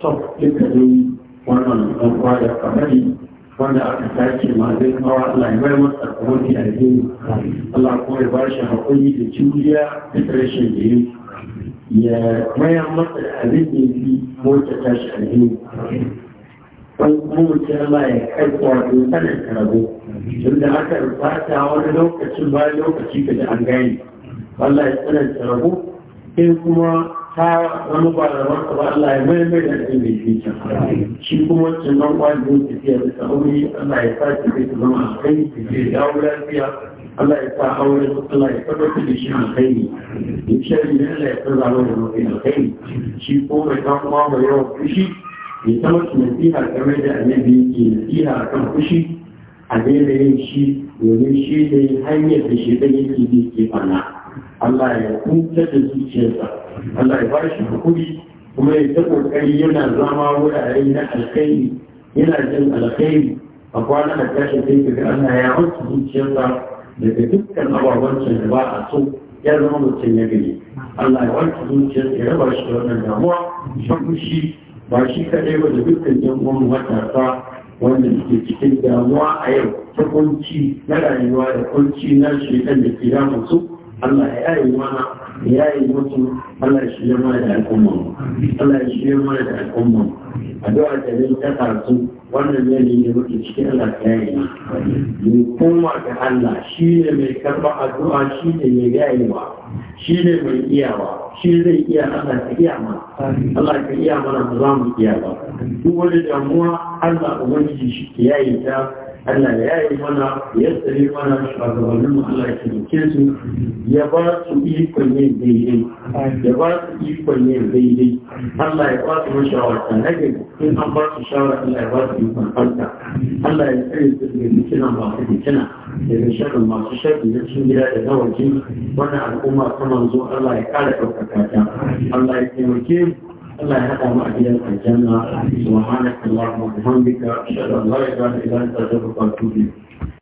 top duka ne wannan ɗan da kamari wanda aka sake ma zai kawo Allah ya bai masa kwanci a yi Allah kuma ya ba shi haƙuri da juriya da rashin da yi ya maya masa da abin da yi mota ta shi a yi wani kuma mutum Allah ya kai kwato sanin karabo tunda aka rufata wani lokacin bayan lokaci ka da an gani Allah ya sanin karabo sai kuma ta wani kwararar ka ba Allah ya mai mai da kai mai shi can shi kuma wancan nan kwanin tafiya da sauri Allah ya sa ta kai ta zama alkai ta ke dawo lafiya Allah ya sa aure Allah ya tabbatar da shi alkai ne ya shari ne Allah ya sa zama da mafi alkai shi ko mai ta kuma mai yawan fushi ya ta mace nasiha game da annabi ke nasiha a kan fushi a daina yin shi domin shi ne hanyar da shi ɗan yake bi ke fana. Allah ya kunta da zuciyarsa Allah ya bashi shi kuma ya ta kokari yana zama wurare na alkhairi yana jin alkhairi a kwana a tashi sai ga Allah ya wanke zuciyarsa daga dukkan ababancin da ba a so ya zama mutum ya gani Allah ya wanke zuciyarsa ya raba shi da wannan damuwa shi ba shi kadai ba da dukkan yan uwan matasa wanda ke cikin damuwa a yau ta kunci na rayuwa da kunci na shekan da ke damu su الله يا إيمانا يا إيمانا الله يشفي ما يدعي الأمم الله يشفي ما يدعي الأمم أدعى تبين تقرأتم وانا ميني يروكي شكي الله كايما يقوم على الله شيني من كربا أدعى شيني من يجايما شيني من إياما شيني إيا الله كياما الله كياما نظام إياما هو لدعموا الله ومجي شكي يايما Allah ya yi mana ya tsare mana shugabannin Allah ke rike su ya ba su ikon yin daidai ya ba su ikon yin daidai Allah ya ba su mashawarta na gari in an ba su shawara Allah ya ba su ikon fanta Allah ya tsare su daga bikina masu bikina daga shirin masu shaɗi na cikin gida da na waje wannan al'umma ta manzo Allah ya ƙara ɗaukaka ta Allah ya taimake mu الله يحقق معجزة الجنة سبحانك اللهم وبحمدك أشهد أن لا إله إلا أنت أستغفرك إليك